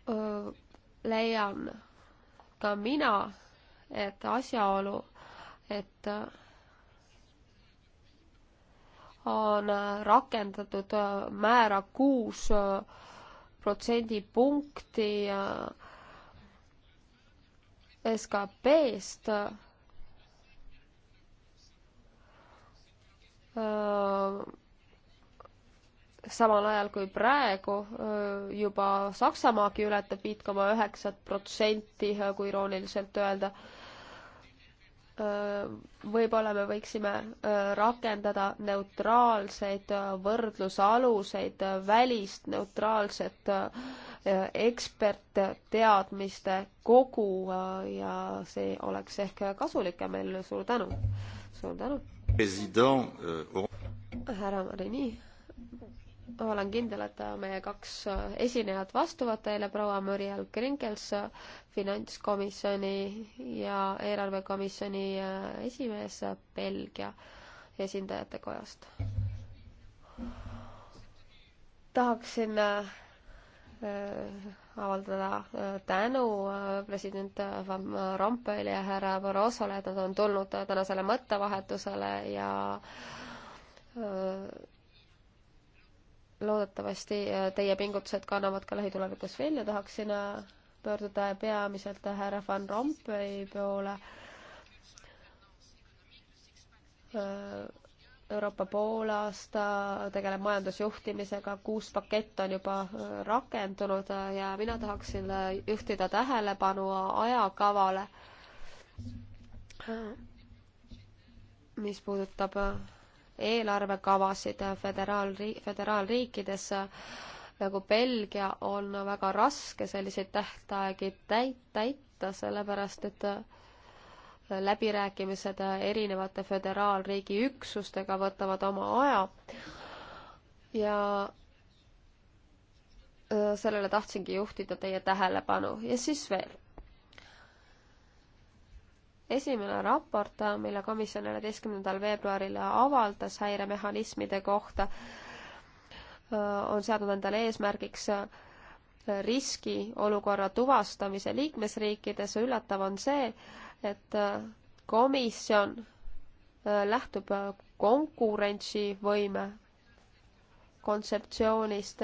äh, leian ka mina, et asjaolu et äh, on äh, rakendatud äh, määra kuus protsendipunkti SKP-st samal ajal kui praegu juba Saksamaagi ületab viit koma üheksat protsenti, kui irooniliselt öelda võib-olla me võiksime äh, rakendada neutraalseid äh, võrdlusaluseid, äh, välist neutraalset ekspertteadmiste kogu ja see oleks ehk kasulik ja meil suur tänu. suur tänu. härra Marini olen kindel, et meie kaks äh, esinejat vastuvad teile, proua Muriel Kringels, äh, finantskomisjoni ja eelarvekomisjoni äh, esimees Belgia esindajate kojast. tahaksin avaldada tänu president Van Rompuyle ja härra Barrosole, et nad on tulnud tänasele mõttevahetusele ja loodetavasti äh, teie pingutused kannavad ka lähitulevikus vilja, tahaksin äh, pöörduda peamiselt härra Van Rompuy poole äh, Euroopa poolaasta tegeleb majandusjuhtimisega, kuus pakett on juba rakendunud ja mina tahaksin juhtida tähelepanu ajakavale, mis puudutab eelarvekavasid föderaalri-, föderaalriikides, nagu Belgia, on väga raske selliseid tähtaegi täit-, täita, sellepärast et äh, läbirääkimised äh, erinevate föderaalriigi üksustega võtavad oma aja ja äh, sellele tahtsingi juhtida teie tähelepanu ja siis veel esimene raport, mille komisjon üheteistkümnendal veebruaril avaldas häiremehhanismide kohta, on seadnud endale eesmärgiks riskiolukorra tuvastamise liikmesriikides. üllatav on see, et komisjon lähtub konkurentsivõime kontseptsioonist,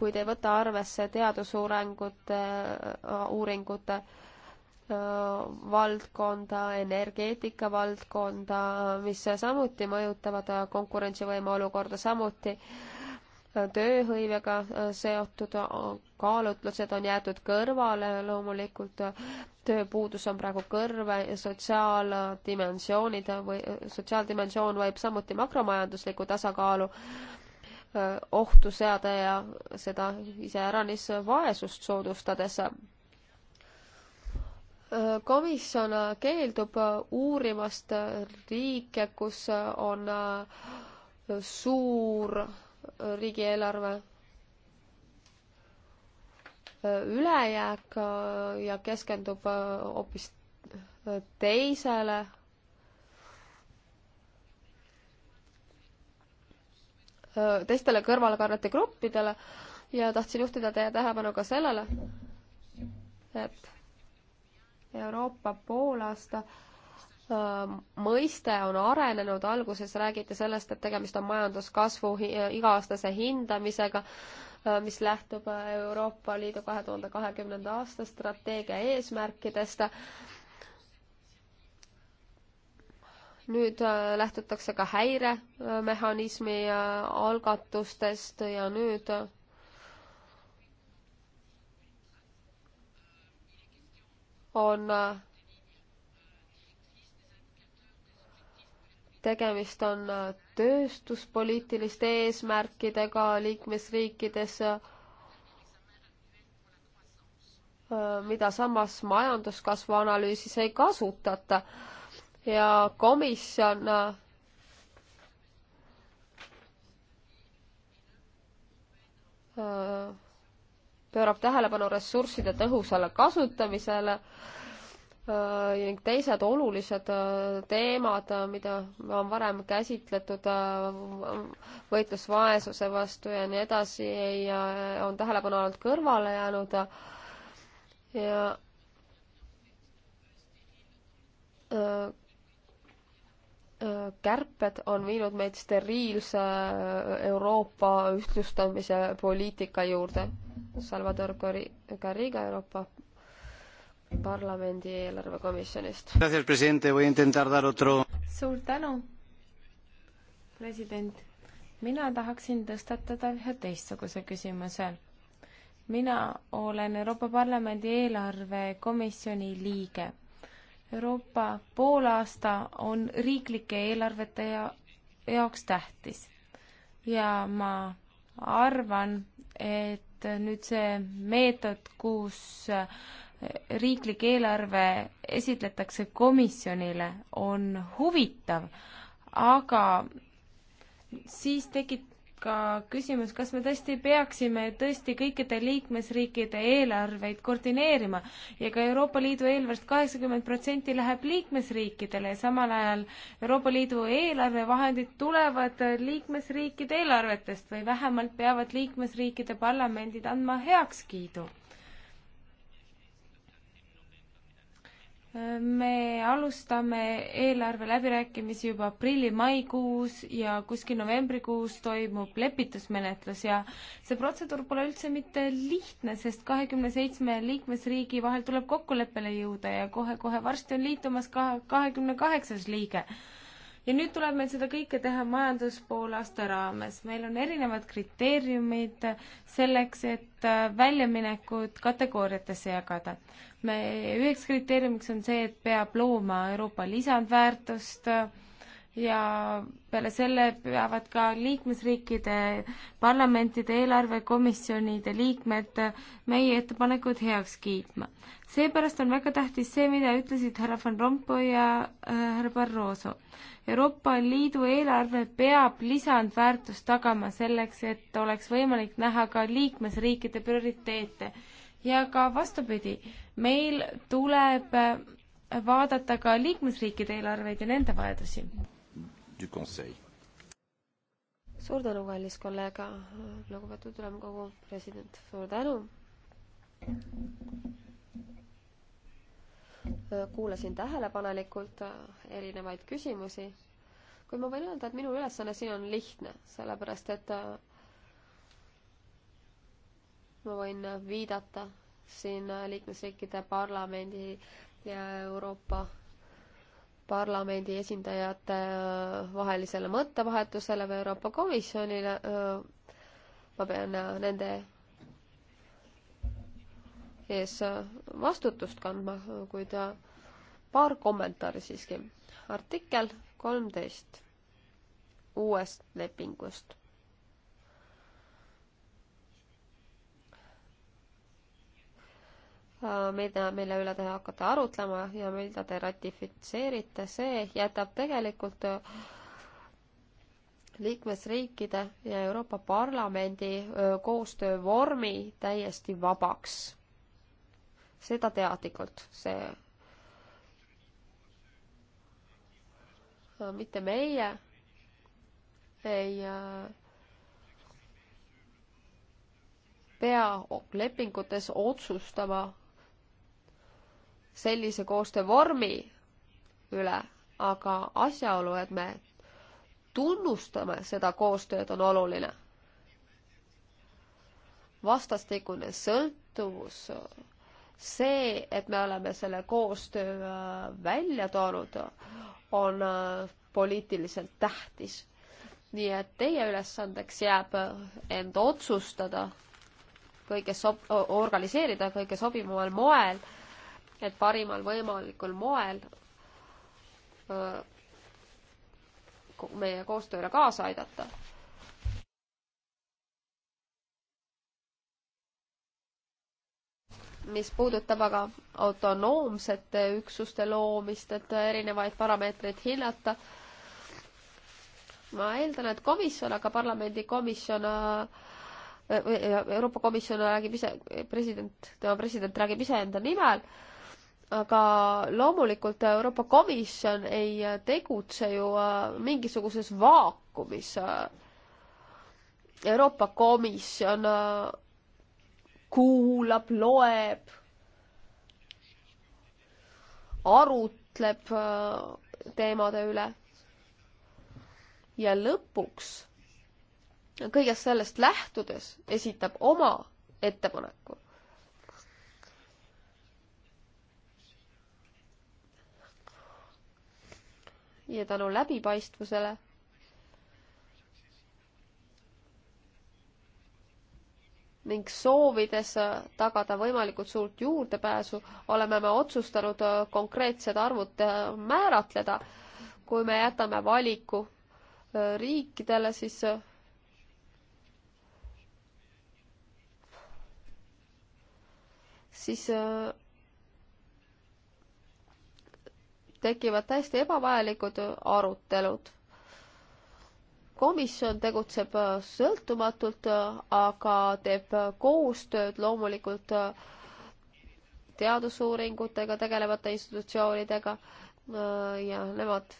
kuid ei võta arvesse teadusuuringute, uuringute, uuringute valdkonda, energeetika valdkonda, mis samuti mõjutavad äh, konkurentsivõime olukorda, samuti äh, tööhõivega äh, seotud kaalutlused on jäetud kõrvale, loomulikult tööpuudus on praegu kõrve ja sotsiaaldimensioonid või sotsiaaldimensioon võib samuti makromajanduslikku tasakaalu ohtu seada ja seda iseäranis vaesust soodustades komisjon keeldub uurimast riike, kus on suur riigieelarve ülejääk ja keskendub hoopis teisele teistele kõrvalkarnete gruppidele ja tahtsin juhtida teie tähelepanu ka sellele, et Euroopa poolaasta mõiste on arenenud, alguses räägiti sellest, et tegemist on majanduskasvu iga-aastase hindamisega, mis lähtub Euroopa Liidu kahe tuhande kahekümnenda aasta strateegia eesmärkidest. nüüd lähtutakse ka häiremehhanismi äh, algatustest ja nüüd on tegemist on tööstuspoliitiliste eesmärkidega liikmesriikides, mida samas majanduskasvu analüüsis ei kasutata ja komisjon öö, pöörab tähelepanu ressursside tõhusale kasutamisele äh, ning teised olulised äh, teemad, äh, mida on varem käsitletud, võitlus vaesuse vastu ja nii edasi, ei, on tähelepanu alt kõrvale jäänud ja kärped on viinud meid steriilse Euroopa ühtlustamise poliitika juurde. Salvador Garriga Euroopa Parlamendi eelarvekomisjonist. suur tänu, president. mina tahaksin tõstatada ühe teistsuguse küsimuse. mina olen Euroopa Parlamendi eelarvekomisjoni liige. Euroopa poolaasta on riiklike eelarvete ja, jaoks tähtis ja ma arvan, et et nüüd see meetod, kus riiklik eelarve esitletakse komisjonile, on huvitav, aga siis tekib ka küsimus, kas me tõesti peaksime tõesti kõikide liikmesriikide eelarveid koordineerima ja ka Euroopa Liidu eelarvest kaheksakümmend protsenti läheb liikmesriikidele ja samal ajal Euroopa Liidu eelarvevahendid tulevad liikmesriikide eelarvetest või vähemalt peavad liikmesriikide parlamendid andma heakskiidu me alustame eelarve läbirääkimisi juba aprilli-maikuus ja kuskil novembrikuus toimub lepitusmenetlus ja see protseduur pole üldse mitte lihtne, sest kahekümne seitsme liikmesriigi vahel tuleb kokkuleppele jõuda ja kohe-kohe varsti on liitumas ka kahekümne kaheksas liige ja nüüd tuleb meil seda kõike teha majanduspoolaasta raames. meil on erinevad kriteeriumid selleks, et äh, väljaminekud kategooriatesse jagada. me, üheks kriteeriumiks on see, et peab looma Euroopa lisandväärtust äh, ja peale selle peavad ka liikmesriikide parlamentide eelarvekomisjonide liikmed meie ettepanekud heaks kiitma. seepärast on väga tähtis see, mida ütlesid härra Van Rompuy ja äh, härra Barroso. Euroopa Liidu eelarve peab lisandväärtust tagama selleks, et oleks võimalik näha ka liikmesriikide prioriteete ja ka vastupidi, meil tuleb vaadata ka liikmesriikide eelarveid ja nende vajadusi du Conseil. suur tänu, kallis kolleeg, lugupeetud ülemkogu president, suur tänu. kuulasin tähelepanelikult erinevaid küsimusi. kui ma võin öelda, et minu ülesanne siin on lihtne, sellepärast et ma võin viidata siin liikmesriikide parlamendi ja Euroopa parlamendi esindajate äh, vahelisele mõttevahetusele või Euroopa Komisjonile. Äh, ma pean äh, nende ees vastutust kandma, kuid paar kommentaari siiski. artikkel kolmteist uuest lepingust Äh, mida, mille üle te hakkate arutlema ja mida te ratifitseerite, see jätab tegelikult äh, liikmesriikide ja Euroopa Parlamendi äh, koostöövormi täiesti vabaks. seda teadlikult, see mitte meie ei pea lepingutes otsustama sellise koostöövormi üle, aga asjaolu, et me tunnustame seda koostööd, on oluline. vastastikune sõltuvus, see, et me oleme selle koostöö äh, välja toonud, on äh, poliitiliselt tähtis. nii et teie ülesandeks jääb äh, end otsustada, kõige sob-, organiseerida kõige sobivamal moel et parimal võimalikul moel meie koostööle kaasa aidata. mis puudutab aga autonoomsete üksuste loomist, et erinevaid parameetreid hinnata, ma eeldan, et komisjon, aga parlamendikomisjon Euroopa Komisjon räägib ise, president, tema president räägib iseenda nimel aga loomulikult Euroopa Komisjon ei tegutse ju äh, mingisuguses vaakumis. Euroopa Komisjon äh, kuulab, loeb, arutleb äh, teemade üle. ja lõpuks kõigest sellest lähtudes esitab oma ettepaneku ja tänu läbipaistvusele ning soovides tagada võimalikult suurt juurdepääsu, oleme me otsustanud konkreetsed arvud äh, määratleda. kui me jätame valiku äh, riikidele, siis äh, siis tekivad täiesti ebavajalikud arutelud. komisjon tegutseb äh, sõltumatult, äh, aga teeb äh, koostööd loomulikult teadusuuringutega tegelevate institutsioonidega ja nemad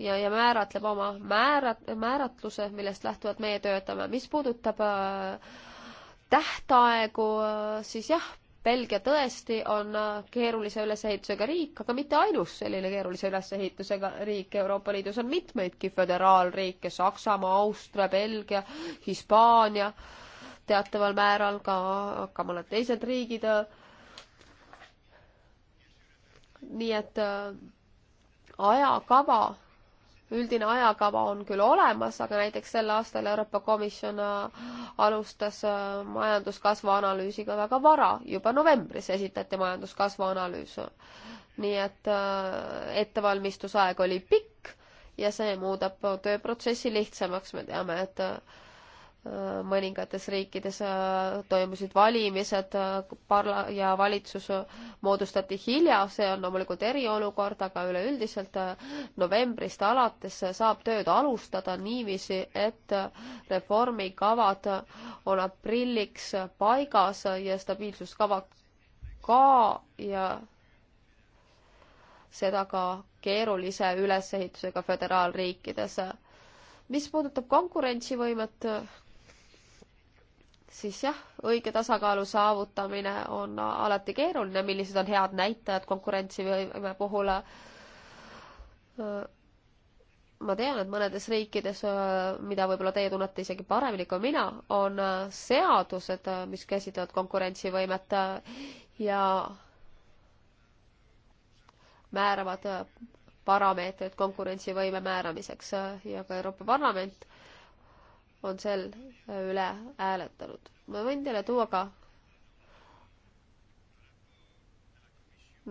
ja, ja määratleb oma määrat-, määratluse, millest lähtuvalt meie töötame. mis puudutab tähtaegu, siis jah Belgia tõesti on äh, keerulise ülesehitusega riik, aga mitte ainus selline keerulise ülesehitusega riik. Euroopa Liidus on mitmeidki föderaalriike, Saksamaa, Austria, Belgia, Hispaania, teataval määral ka, ka mõned teised riigid. Äh. nii et äh, ajakava üldine ajakava on küll olemas, aga näiteks sel aastal Euroopa Komisjon äh, alustas äh, majanduskasvu analüüsiga väga vara, juba novembris esitati majanduskasvu analüüs. nii et äh, ettevalmistusaeg oli pikk ja see muudab tööprotsessi lihtsamaks, me teame, et mõningates riikides äh, toimusid valimised äh, parla- ja valitsus moodustati hilja, see on loomulikult eriolukord, aga üleüldiselt äh, novembrist alates saab tööd alustada niiviisi, et reformikavad on aprilliks paigas ja stabiilsuskava ka ja seda ka keerulise ülesehitusega föderaalriikides. mis puudutab konkurentsivõimet, siis jah, õige tasakaalu saavutamine on alati keeruline, millised on head näitajad konkurentsivõime puhul. ma tean, et mõnedes riikides, mida võib-olla teie tunnete isegi paremini kui mina, on seadused, mis käsitlevad konkurentsivõimet ja määravad parameetrid konkurentsivõime määramiseks ja ka Euroopa Parlament on sel üle hääletanud. ma võin teile tuua ka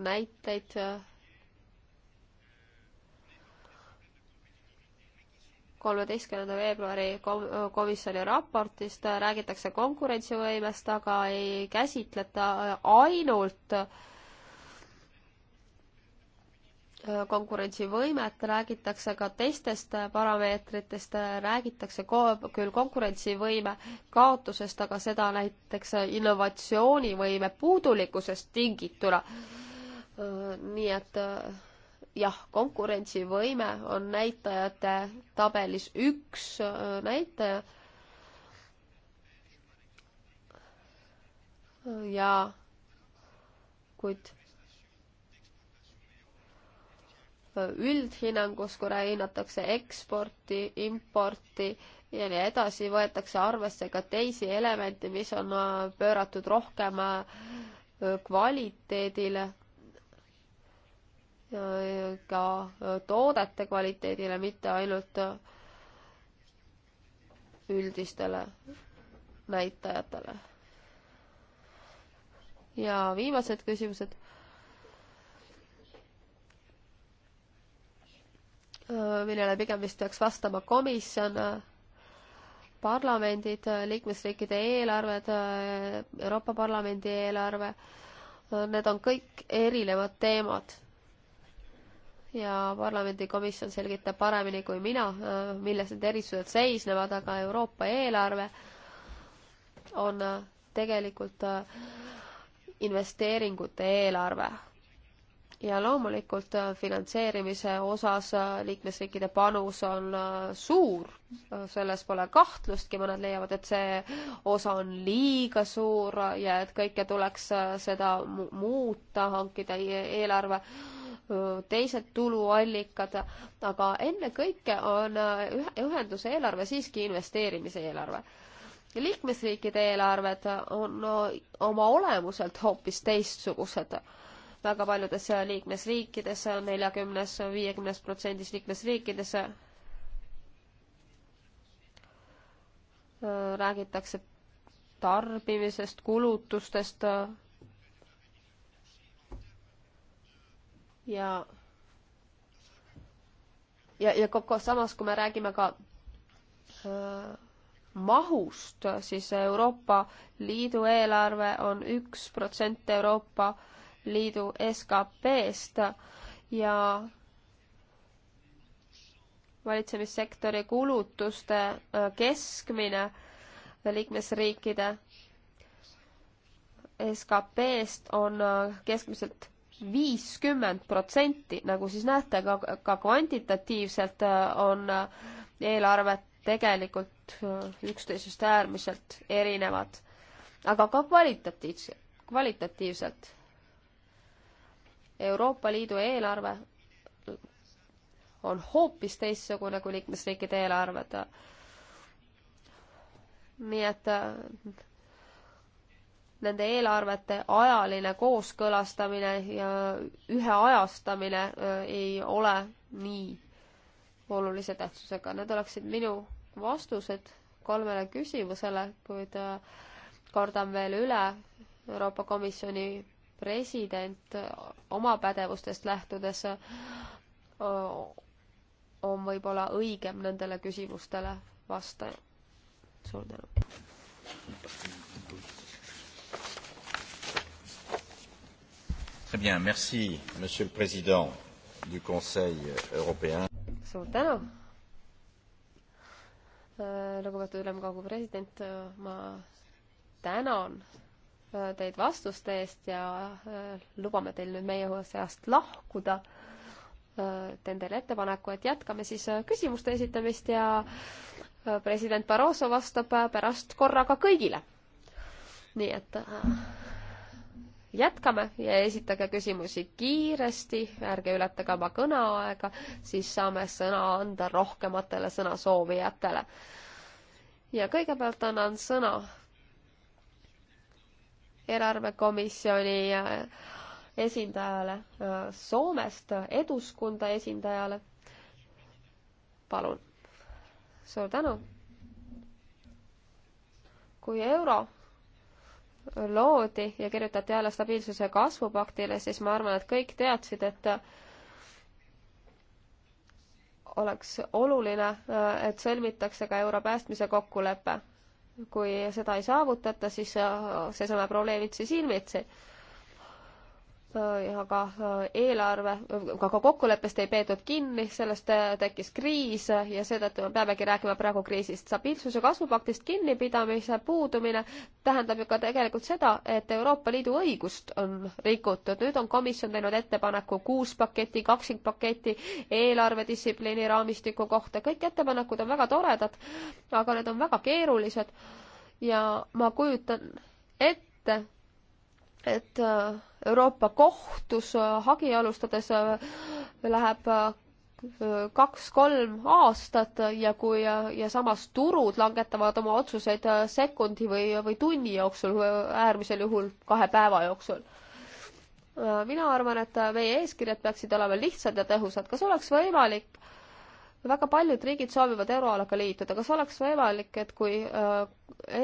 näiteid kolmeteistkümnenda veebruari komisjoni raportist räägitakse konkurentsivõimest, aga ei käsitleta ainult äh, konkurentsivõimet, räägitakse ka teistest parameetritest, räägitakse ko-, küll konkurentsivõime kaotusest, aga seda näiteks innovatsioonivõime puudulikkusest tingituna. nii et jah, konkurentsivõime on näitajate tabelis üks näitaja ja kuid üldhinnangus, kui hinnatakse eksporti, importi ja nii edasi, võetakse arvesse ka teisi elemente, mis on äh, pööratud rohkem äh, kvaliteedile, ka äh, toodete kvaliteedile, mitte ainult üldistele näitajatele. ja viimased küsimused millele pigem vist peaks vastama komisjon, parlamendid, liikmesriikide eelarved, Euroopa Parlamendi eelarve, need on kõik erinevad teemad. ja parlamendikomisjon selgitab paremini kui mina, milles need erisused seisnevad, aga Euroopa eelarve on tegelikult investeeringute eelarve ja loomulikult äh, finantseerimise osas äh, liikmesriikide panus on äh, suur, selles pole kahtlustki, mõned leiavad, et see osa on liiga suur ja et kõike tuleks seda muuta, hankida e-, eelarve teised tuluallikad, aga ennekõike on ühenduse eelarve siiski investeerimise eelarve liikmesriikide eelarved on oma olemuselt hoopis teistsugused väga paljudes liikmesriikides, neljakümnes, viiekümnes protsendis liikmesriikides räägitakse tarbimisest, kulutustest ja ja, ja kokku samas, kui me räägime ka äh, mahust, siis Euroopa Liidu eelarve on üks protsent Euroopa äh, Liidu SKP-st ja valitsemissektori kulutuste äh, keskmine liikmesriikide SKP-st on äh, keskmiselt viiskümmend protsenti, nagu siis näete, ka, ka kvantitatiivselt äh, on eelarved tegelikult üksteisest äärmiselt erinevad. aga ka kvalitatiivselt, kvalitatiivselt. Euroopa Liidu eelarve on hoopis teistsugune kui liikmesriikide eelarved. nii et äh, nende eelarvete ajaline kooskõlastamine ja üheajastamine äh, ei ole nii olulise tähtsusega. Need oleksid minu vastused kolmele küsimusele, kuid äh, kordan veel üle Euroopa Komisjoni president oma pädevustest lähtudes on võib-olla õigem nendele küsimustele vastaja. suur tänu. Très bien, merci, Monsieur le Président du Conseil européen. Suur tänu, lugupeetud ülemkogu president, ma tänan teid vastuste eest ja äh, lubame teil nüüd meie seast lahkuda. Äh, teen teile ettepaneku, et jätkame siis äh, küsimuste esitamist ja president Barroso vastab pärast korraga kõigile. nii et jätkame ja esitage küsimusi kiiresti, ärge ületage oma kõneaega, siis saame sõna anda rohkematele sõnasoovijatele. ja kõigepealt annan sõna eelarvekomisjoni äh, esindajale, äh, Soomest äh, Eduskunda esindajale. palun, suur tänu. kui euro loodi ja kirjutati alla stabiilsuse kasvupaktile, siis ma arvan, et kõik teadsid, et oleks oluline, et sõlmitakse ka euro päästmise kokkulepe kui seda ei saavutata, siis äh, seisame probleemid siis ilmitsi aga äh, äh, eelarve, aga äh, kokkuleppest ei peetud kinni, sellest tekkis kriis ja seetõttu me peamegi rääkima praegu kriisist. stabiilsuse kasvupaktist kinnipidamise puudumine tähendab ju ka tegelikult seda, et Euroopa Liidu õigust on rikutud. nüüd on komisjon teinud ettepaneku kuus paketi, kakskümmend paketi eelarvedistsipliini raamistiku kohta. kõik ettepanekud on väga toredad, aga need on väga keerulised ja ma kujutan ette, et äh, Euroopa Kohtus äh, hagi alustades äh, läheb kaks-kolm aastat ja kui ja samas turud langetavad oma otsuseid sekundi või, või tunni jooksul, äärmisel juhul kahe päeva jooksul. mina arvan, et meie eeskirjad peaksid olema lihtsad ja tõhusad. kas oleks võimalik, väga paljud riigid soovivad euroalaga liituda, kas oleks võimalik, et kui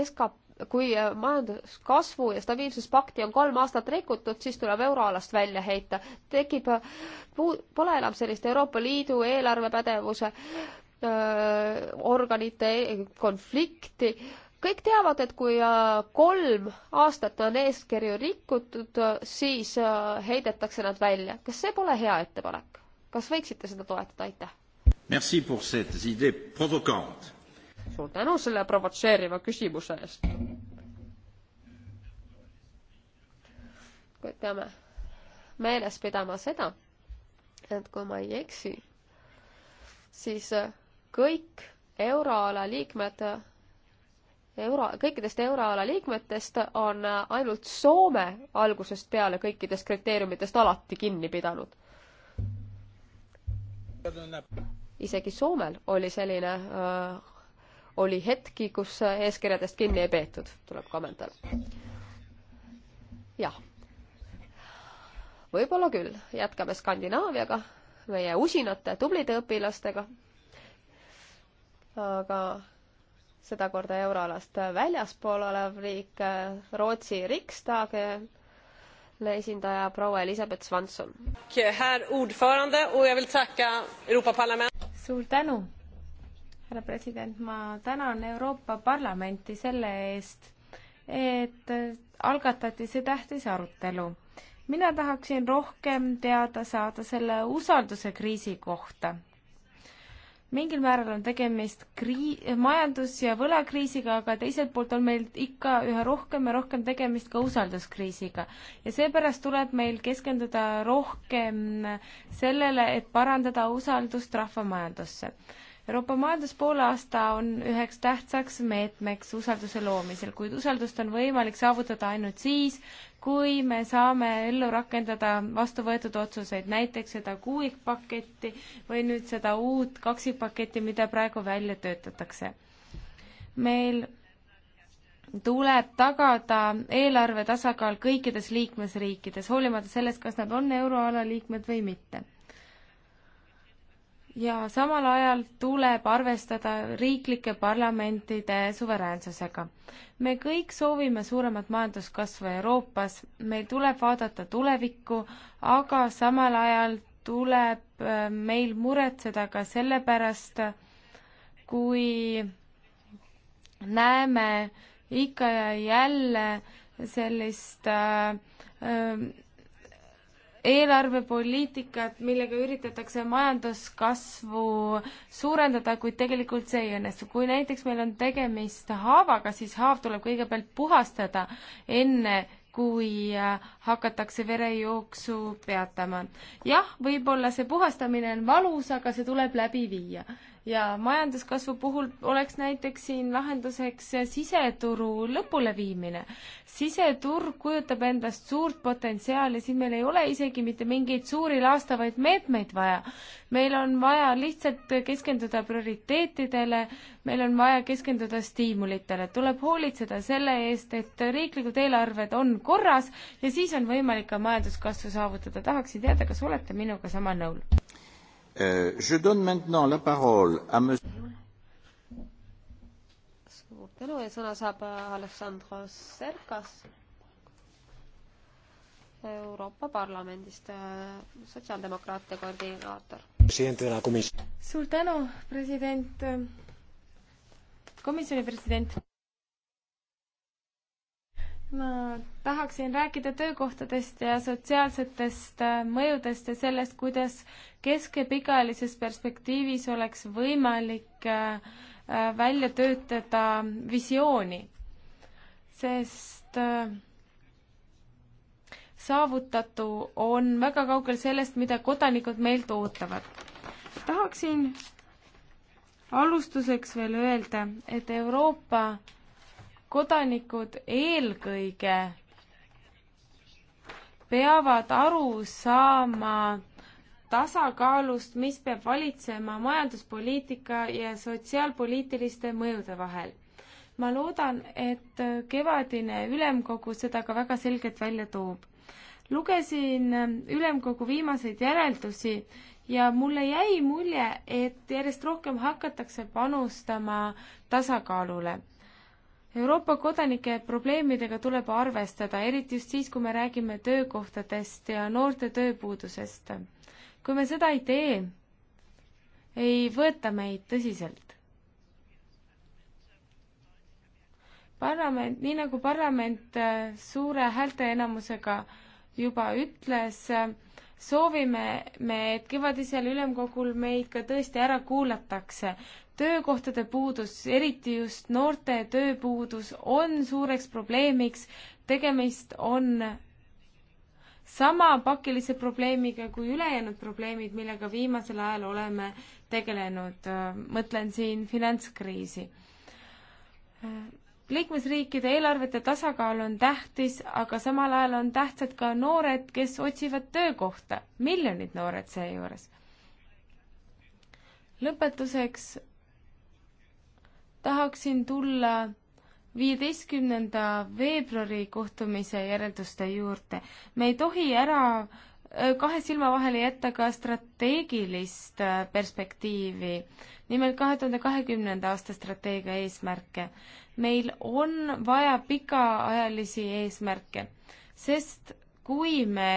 SKP kui äh, majanduskasvu ja stabiilsuspakti on kolm aastat rikutud, siis tuleb euroalast välja heita. tekib, äh, pole enam sellist Euroopa Liidu eelarvepädevuse äh, organite konflikti. kõik teavad, et kui kolm aastat on eeskirju rikutud, siis heidetakse nad välja. kas see pole hea ettepanek? kas võiksite seda toetada? aitäh! Merci pour cette idée provocante suur tänu selle provotseeriva küsimuse eest. kuid peame meeles pidama seda, et kui ma ei eksi, siis kõik euroala liikmed, euro, kõikidest euroala liikmetest on ainult Soome algusest peale kõikidest kriteeriumitest alati kinni pidanud. isegi Soomel oli selline öö, äh, oli hetki, kus eeskirjadest kinni ei peetud, tuleb kommentaar. jah. võib-olla küll, jätkame Skandinaaviaga, meie usinate, tublide õpilastega. aga sedakorda euroalast väljaspool olev riik, Rootsi Riksdag, esindaja proua Elisabeth Svanson. suur tänu härra president, ma tänan Euroopa Parlamenti selle eest, et algatati see tähtis arutelu. mina tahaksin rohkem teada saada selle usalduse kriisi kohta. mingil määral on tegemist krii-, majandus- ja võlakriisiga, aga teiselt poolt on meil ikka üha rohkem ja rohkem tegemist ka usalduskriisiga. ja seepärast tuleb meil keskenduda rohkem sellele, et parandada usaldust rahvamajandusse Euroopa majanduspoolaasta on üheks tähtsaks meetmeks usalduse loomisel, kuid usaldust on võimalik saavutada ainult siis, kui me saame ellu rakendada vastu võetud otsuseid, näiteks seda kuuikpaketti või nüüd seda uut kaksikpaketti, mida praegu välja töötatakse. meil tuleb tagada eelarve tasakaal kõikides liikmesriikides, hoolimata sellest, kas nad on euroala liikmed või mitte ja samal ajal tuleb arvestada riiklike parlamentide suveräänsusega. me kõik soovime suuremat majanduskasvu Euroopas, meil tuleb vaadata tulevikku, aga samal ajal tuleb äh, meil muretseda ka selle pärast, kui näeme ikka ja jälle sellist äh, äh eelarvepoliitikat, millega üritatakse majanduskasvu suurendada, kuid tegelikult see ei õnnestu. kui näiteks meil on tegemist haavaga, siis haav tuleb kõigepealt puhastada, enne kui äh, hakatakse verejooksu peatama. jah, võib-olla see puhastamine on valus, aga see tuleb läbi viia ja majanduskasvu puhul oleks näiteks siin lahenduseks siseturu lõpuleviimine. siseturg kujutab endast suurt potentsiaali, siin meil ei ole isegi mitte mingeid suuri laastavaid meetmeid vaja. meil on vaja lihtsalt keskenduda prioriteetidele, meil on vaja keskenduda stiimulitele, tuleb hoolitseda selle eest, et riiklikud eelarved on korras ja siis on võimalik ka majanduskasvu saavutada. tahaksin teada, kas olete minuga samal nõul? Uh, je donne maintenant la parole à monsieur suur tänu ja sõna saab Alessandro Serkas Euroopa Parlamendist, äh, sotsiaaldemokraatia koordinaator. suur tänu, president, komisjoni president ma tahaksin rääkida töökohtadest ja sotsiaalsetest äh, mõjudest ja sellest, kuidas kesk- ja pikaajalises perspektiivis oleks võimalik äh, äh, välja töötada visiooni, sest saavutatu on väga kaugel sellest, mida kodanikud meilt ootavad. tahaksin alustuseks veel öelda, et Euroopa kodanikud eelkõige peavad aru saama tasakaalust, mis peab valitsema majanduspoliitika ja sotsiaalpoliitiliste mõjude vahel. ma loodan, et kevadine ülemkogu seda ka väga selgelt välja toob. lugesin ülemkogu viimaseid järeldusi ja mulle jäi mulje, et järjest rohkem hakatakse panustama tasakaalule Euroopa kodanike probleemidega tuleb arvestada, eriti just siis, kui me räägime töökohtadest ja noorte tööpuudusest. kui me seda ei tee, ei võeta meid tõsiselt. parlament, nii nagu parlament äh, suure häälteenamusega juba ütles, äh, soovime me, et kevadisel ülemkogul meid ka tõesti ära kuulatakse töökohtade puudus, eriti just noorte tööpuudus, on suureks probleemiks. tegemist on sama pakilise probleemiga kui ülejäänud probleemid, millega viimasel ajal oleme tegelenud. mõtlen siin finantskriisi. liikmesriikide eelarvete tasakaal on tähtis, aga samal ajal on tähtsad ka noored, kes otsivad töökohta, miljonid noored seejuures. lõpetuseks tahaksin tulla viieteistkümnenda veebruari kohtumise järelduste juurde. me ei tohi ära äh, kahe silma vahele jätta ka strateegilist äh, perspektiivi, nimelt kahe tuhande kahekümnenda aasta strateegia eesmärke. meil on vaja pikaajalisi eesmärke, sest kui me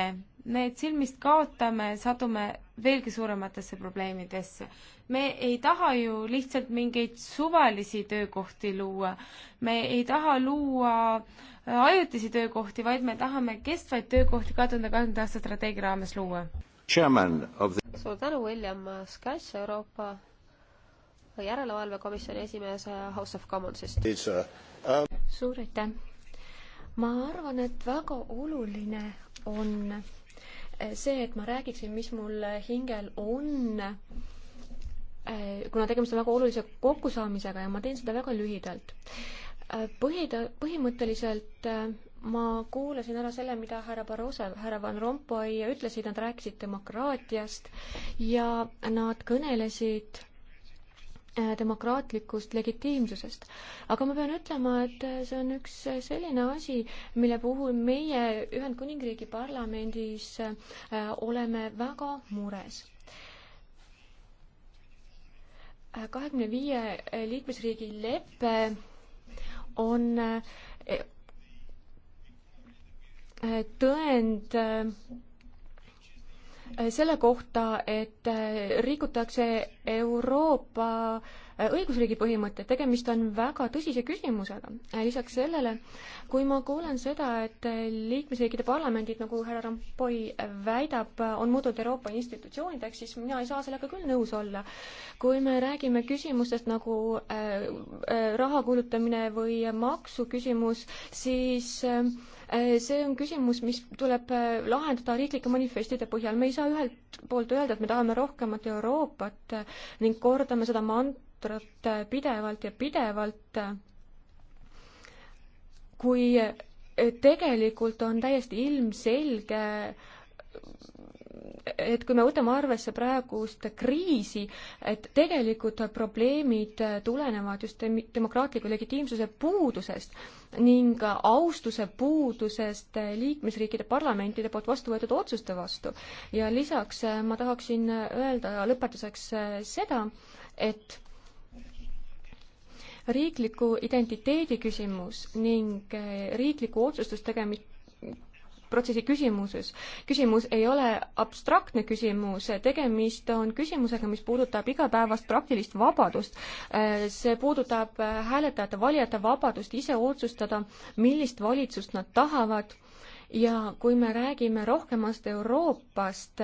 need silmist kaotame, sadume veelgi suurematesse probleemidesse. me ei taha ju lihtsalt mingeid suvalisi töökohti luua, me ei taha luua äh, ajutisi töökohti, vaid me tahame kestvaid töökohti kahe tuhande kahekümnenda aasta strateegia raames luua. The... suur tänu, William Skash, Euroopa järelevalvekomisjoni esimees äh, House of Commonsist. Um... Uh, uh, suur aitäh! ma arvan, et väga oluline on see, et ma räägiksin, mis mul hingel on, äh, kuna tegemist on väga olulise kokkusaamisega ja ma teen seda väga lühidalt. Äh, põhida-, põhimõtteliselt äh, ma kuulasin ära selle, mida härra Barroso, härra Van Rompuy ütlesid, nad rääkisid demokraatiast ja nad kõnelesid Äh, demokraatlikust legitiimsusest. aga ma pean ütlema, et äh, see on üks äh, selline asi, mille puhul meie Ühendkuningriigi parlamendis oleme väga mures. kahekümne viie liikmesriigi lepe on tõend Äh, selle kohta, et äh, rikutakse Euroopa äh, õigusriigi põhimõtted, tegemist on väga tõsise küsimusega. lisaks sellele, kui ma kuulen seda, et liikmesriikide parlamendid, nagu härra Rampoi väidab, on muutunud Euroopa institutsioonideks, siis mina ei saa sellega küll nõus olla. kui me räägime küsimustest nagu äh, raha kulutamine või maksuküsimus, siis äh, Äh, see on küsimus, mis tuleb äh, lahendada riiklike manifestide põhjal. me ei saa ühelt poolt öelda, et me tahame rohkemat Euroopat äh, ning kordame seda mantrat pidevalt ja pidevalt, kui tegelikult on täiesti ilmselge et kui me võtame arvesse praegust kriisi, et tegelikud probleemid tulenevad just demokraatliku legitiimsuse puudusest ning austuse puudusest liikmesriikide parlamentide poolt vastu võetud otsuste vastu. ja lisaks äh, ma tahaksin öelda lõpetuseks äh, seda, et riikliku identiteedi küsimus ning äh, riikliku otsustustegemise protsessi küsimuses. küsimus ei ole abstraktne küsimus, tegemist on küsimusega, mis puudutab igapäevast praktilist vabadust. see puudutab hääletajate, valijate vabadust ise otsustada, millist valitsust nad tahavad ja kui me räägime rohkemast Euroopast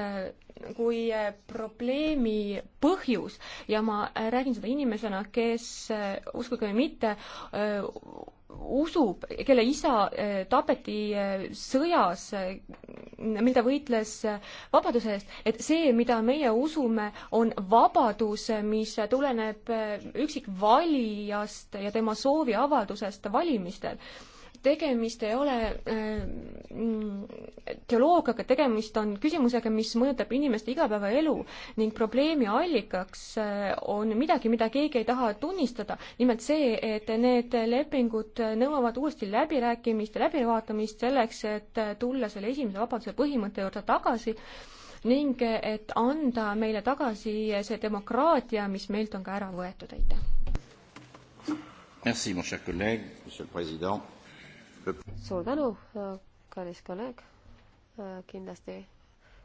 kui eh, probleemi põhjus ja ma eh, räägin seda inimesena, kes eh, uskuge või mitte, usub, kelle isa äh, tapeti äh, sõjas, äh, mil ta võitles vabaduse eest, et see, mida meie usume, on vabadus, mis tuleneb üksikvalijast ja tema sooviavaldusest valimistel tegemist ei ole äh, mm, teoloogiaga, tegemist on küsimusega, mis mõjutab inimeste igapäevaelu ning probleemi allikaks äh, on midagi, mida keegi ei taha tunnistada. nimelt see, et need lepingud nõuavad uuesti läbirääkimist ja läbivaatamist selleks, et tulla selle esimese vabaduse põhimõtte juurde tagasi ning et anda meile tagasi see demokraatia, mis meilt on ka ära võetud, aitäh! Merci, mon cher collègue, monsieur le président suur tänu, kallis kolleeg. kindlasti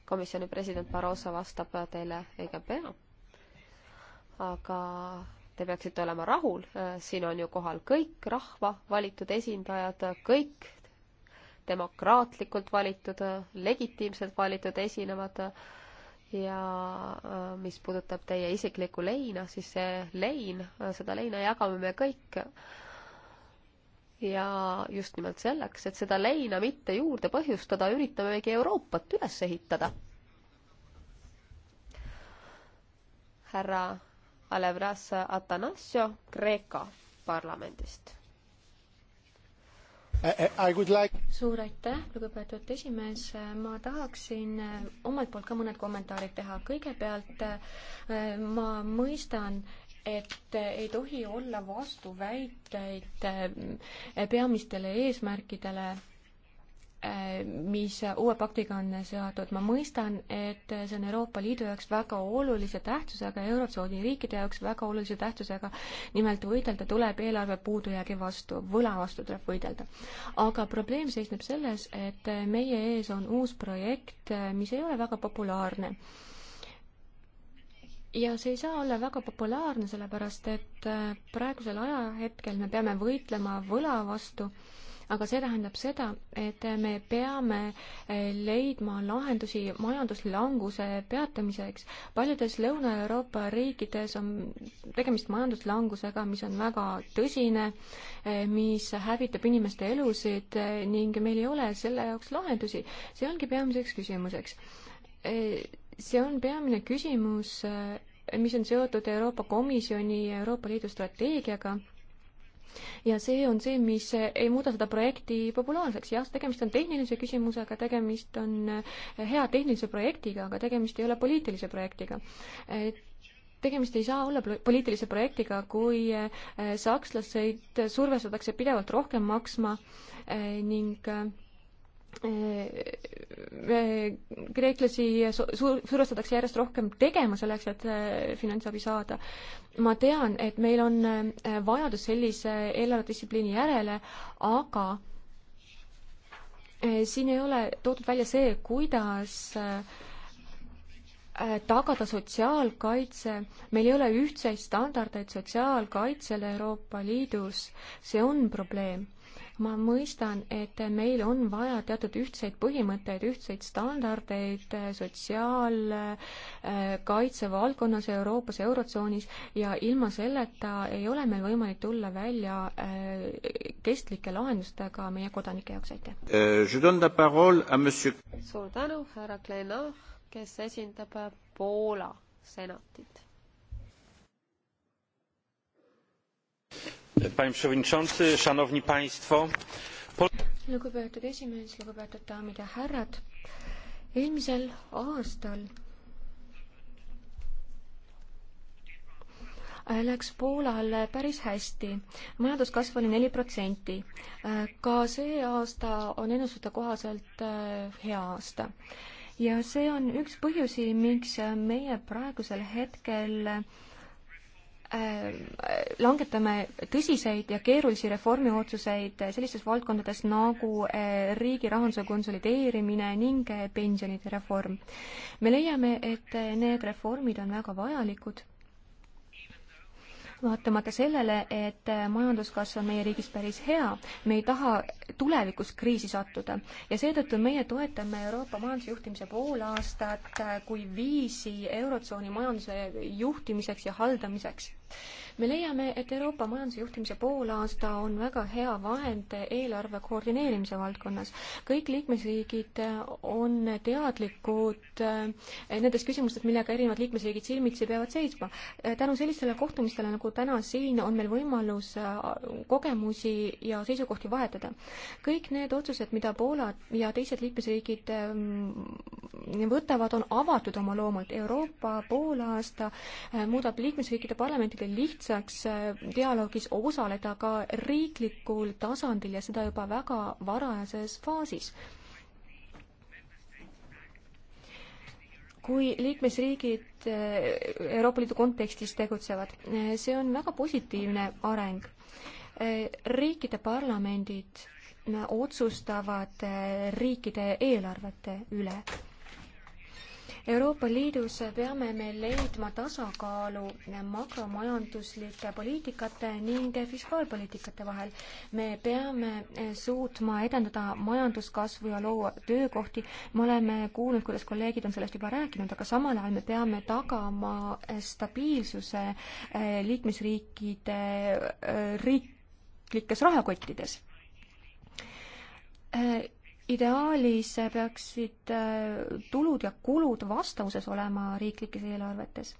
komisjoni president Barroso vastab teile õige pea. aga te peaksite olema rahul, siin on ju kohal kõik rahva valitud esindajad, kõik demokraatlikult valitud, legitiimselt valitud esinevad ja äh, mis puudutab teie isiklikku leina, siis see lein, äh, seda leina jagame me kõik ja just nimelt selleks, et seda leina mitte juurde põhjustada, üritamegi Euroopat üles ehitada. härra Alevras Atanasio Kreeka parlamendist. Like... suur aitäh, lugupeetud esimees, ma tahaksin omalt poolt ka mõned kommentaarid teha, kõigepealt ma mõistan, et ei tohi olla vastuväiteid eh, peamistele eesmärkidele, eh, mis uue paktiga on seatud. ma mõistan, et see on Euroopa Liidu jaoks väga olulise tähtsusega ja Eurotsooni riikide jaoks väga olulise tähtsusega. nimelt võidelda tuleb eelarve puudujäägi vastu, võla vastu tuleb võidelda. aga probleem seisneb selles, et meie ees on uus projekt, eh, mis ei ole väga populaarne ja see ei saa olla väga populaarne, sellepärast et äh, praegusel ajahetkel me peame võitlema võla vastu, aga see tähendab seda, et me peame äh, leidma lahendusi majanduslanguse peatamiseks. paljudes Lõuna-Euroopa riikides on tegemist majanduslangusega, mis on väga tõsine, äh, mis hävitab inimeste elusid ning meil ei ole selle jaoks lahendusi. see ongi peamiseks küsimuseks see on peamine küsimus, äh, mis on seotud Euroopa Komisjoni ja Euroopa Liidu strateegiaga ja see on see, mis äh, ei muuda seda projekti populaarseks. jah, tegemist on tehnilise küsimusega, tegemist on äh, hea tehnilise projektiga, aga tegemist ei ole poliitilise projektiga. tegemist ei saa olla poliitilise projektiga, kui sakslaseid survestatakse pidevalt rohkem maksma ning Äh, äh, kreeklasi survestatakse järjest rohkem tegema selleks, et äh, finantsabi saada. ma tean, et meil on vajadus sellise eelarvedistsipliini järele, aga siin ei ole toodud välja see, kuidas tagada sotsiaalkaitse, meil ei ole ühtseid standardeid sotsiaalkaitsele Euroopa Liidus, see on probleem ma mõistan, et meil on vaja teatud ühtseid põhimõtteid, ühtseid standardeid eh, sotsiaalkaitse eh, valdkonnas Euroopas, Eurotsoonis ja ilma selleta ei ole meil võimalik tulla välja eh, kestlike lahendustega meie kodanike jaoks, aitäh! suur tänu, härra Klena, kes esindab Poola senatit panie przewodniczący! szanowni państwo! lugupeetud esimees lugupeetud daamid ja härrad! eelmisel aastal läks Poolal päris hästi. majanduskasv oli neli protsenti. ka see aasta on ennustuste kohaselt äh, hea aasta. ja see on üks põhjusi, miks meie praegusel hetkel äh, Äh, langetame tõsiseid ja keerulisi reformiotsuseid sellistes valdkondades nagu äh, riigi rahanduse konsolideerimine ning äh, pensionide reform. me leiame, et need reformid on väga vajalikud, vaatamata sellele, et majanduskasv on meie riigis päris hea, me ei taha tulevikus kriisi sattuda ja seetõttu meie toetame Euroopa majandusjuhtimise poolaastat kui viisi Eurotsooni majanduse juhtimiseks ja haldamiseks me leiame, et Euroopa majanduse juhtimise poolaasta on väga hea vahend eelarve koordineerimise valdkonnas. kõik liikmesriigid on teadlikud eh, nendest küsimustest, millega erinevad liikmesriigid silmitsi peavad seisma. Eh, tänu sellistele kohtumistele nagu täna siin on meil võimalus eh, kogemusi ja seisukohti vahetada. kõik need otsused, mida Poola ja teised liikmesriigid ehm, võtavad, on avatud oma loomult. Euroopa poolaasta muudab liikmesriikide parlamenti liikmesriikidel lihtsaks äh, dialoogis osaleda ka riiklikul tasandil ja seda juba väga varajases faasis. kui liikmesriigid äh, Euroopa Liidu kontekstis tegutsevad, äh, see on väga positiivne areng. riikide parlamendid otsustavad riikide eelarvete üle Euroopa Liidus peame me leidma tasakaalu makromajanduslike poliitikate ning fiskaalpoliitikate vahel. me peame suutma edendada majanduskasvu ja luua töökohti. me oleme kuulnud, kuidas kolleegid on sellest juba rääkinud, aga samal ajal me peame tagama stabiilsuse eh, liikmesriikide eh, riiklikes rahakottides ideaalis peaksid äh, tulud ja kulud vastavuses olema riiklikes eelarvetes.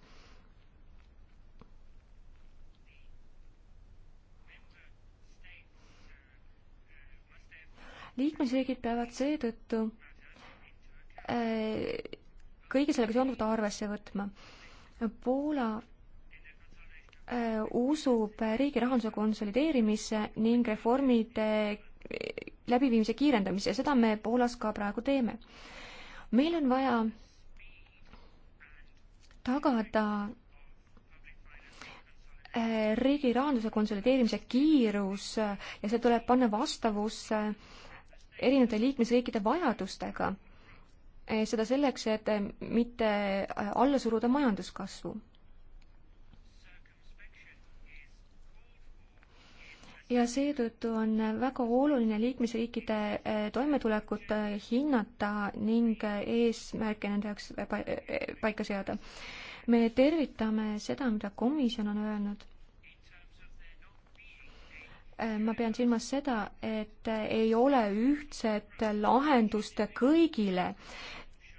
liikmesriigid peavad seetõttu äh, kõige sellega seonduvat arvesse võtma. Poola äh, usub riigi rahanduse konsolideerimisse ning reformide läbiviimise kiirendamise ja seda me Poolas ka praegu teeme. meil on vaja tagada äh, riigi rahanduse konsolideerimise kiirus ja see tuleb panna vastavusse erinevate liikmesriikide vajadustega. Äh, seda selleks, et mitte äh, alla suruda majanduskasvu ja seetõttu on väga oluline liikmesriikide eh, toimetulekut eh, hinnata ning eh, eesmärke nende jaoks paika seada. me tervitame seda, mida komisjon on öelnud ma pean silmas seda, et ei ole ühtset lahendust kõigile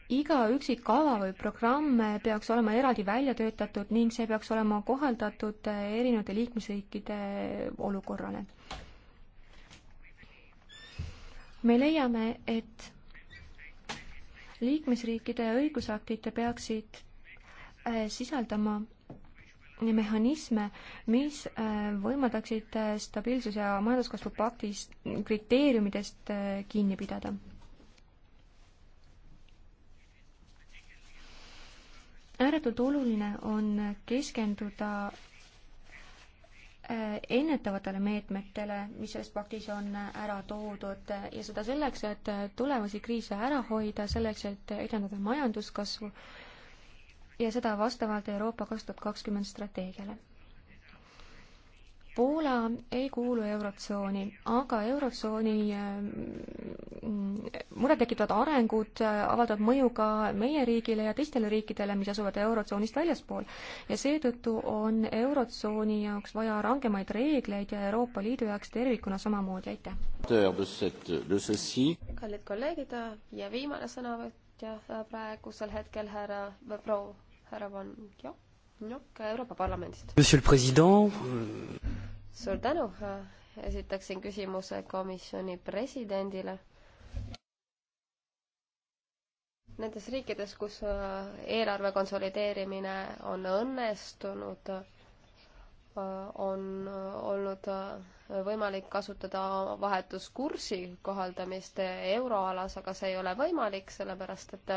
iga üksik kava või programm peaks olema eraldi välja töötatud ning see peaks olema kohaldatud erinevate liikmesriikide olukorrale. me leiame, et liikmesriikide õigusaktid peaksid äh, sisaldama mehhanisme, mis äh, võimaldaksid äh, stabiilsus- ja majanduskasvu paktis kriteeriumidest kinni pidada ääretult oluline on keskenduda äh, ennetavatele meetmetele, mis selles paktis on äh, ära toodud ja seda selleks, et äh, tulevasi kriise ära hoida, selleks, et edendada majanduskasvu ja seda vastavalt Euroopa kaks tuhat kakskümmend strateegiale. Poola ei kuulu Eurotsooni, aga Eurotsooni äh, murettekitavad arengud äh, avaldavad mõju ka meie riigile ja teistele riikidele, mis asuvad Eurotsoonist väljaspool. ja seetõttu on Eurotsooni jaoks vaja rangemaid reegleid ja Euroopa Liidu jaoks tervikuna samamoodi, aitäh! kallid kolleegid ja viimane sõnavõtja praegusel hetkel härra, proua härra Van Jokk. Nokk Euroopa Parlamendist. Euh, suur tänu, äh, esitaksin küsimuse komisjoni presidendile. Nendes riikides, kus äh, eelarve konsolideerimine on õnnestunud, äh, on olnud võimalik kasutada vahetuskursi kohaldamist euroalas, aga see ei ole võimalik, sellepärast et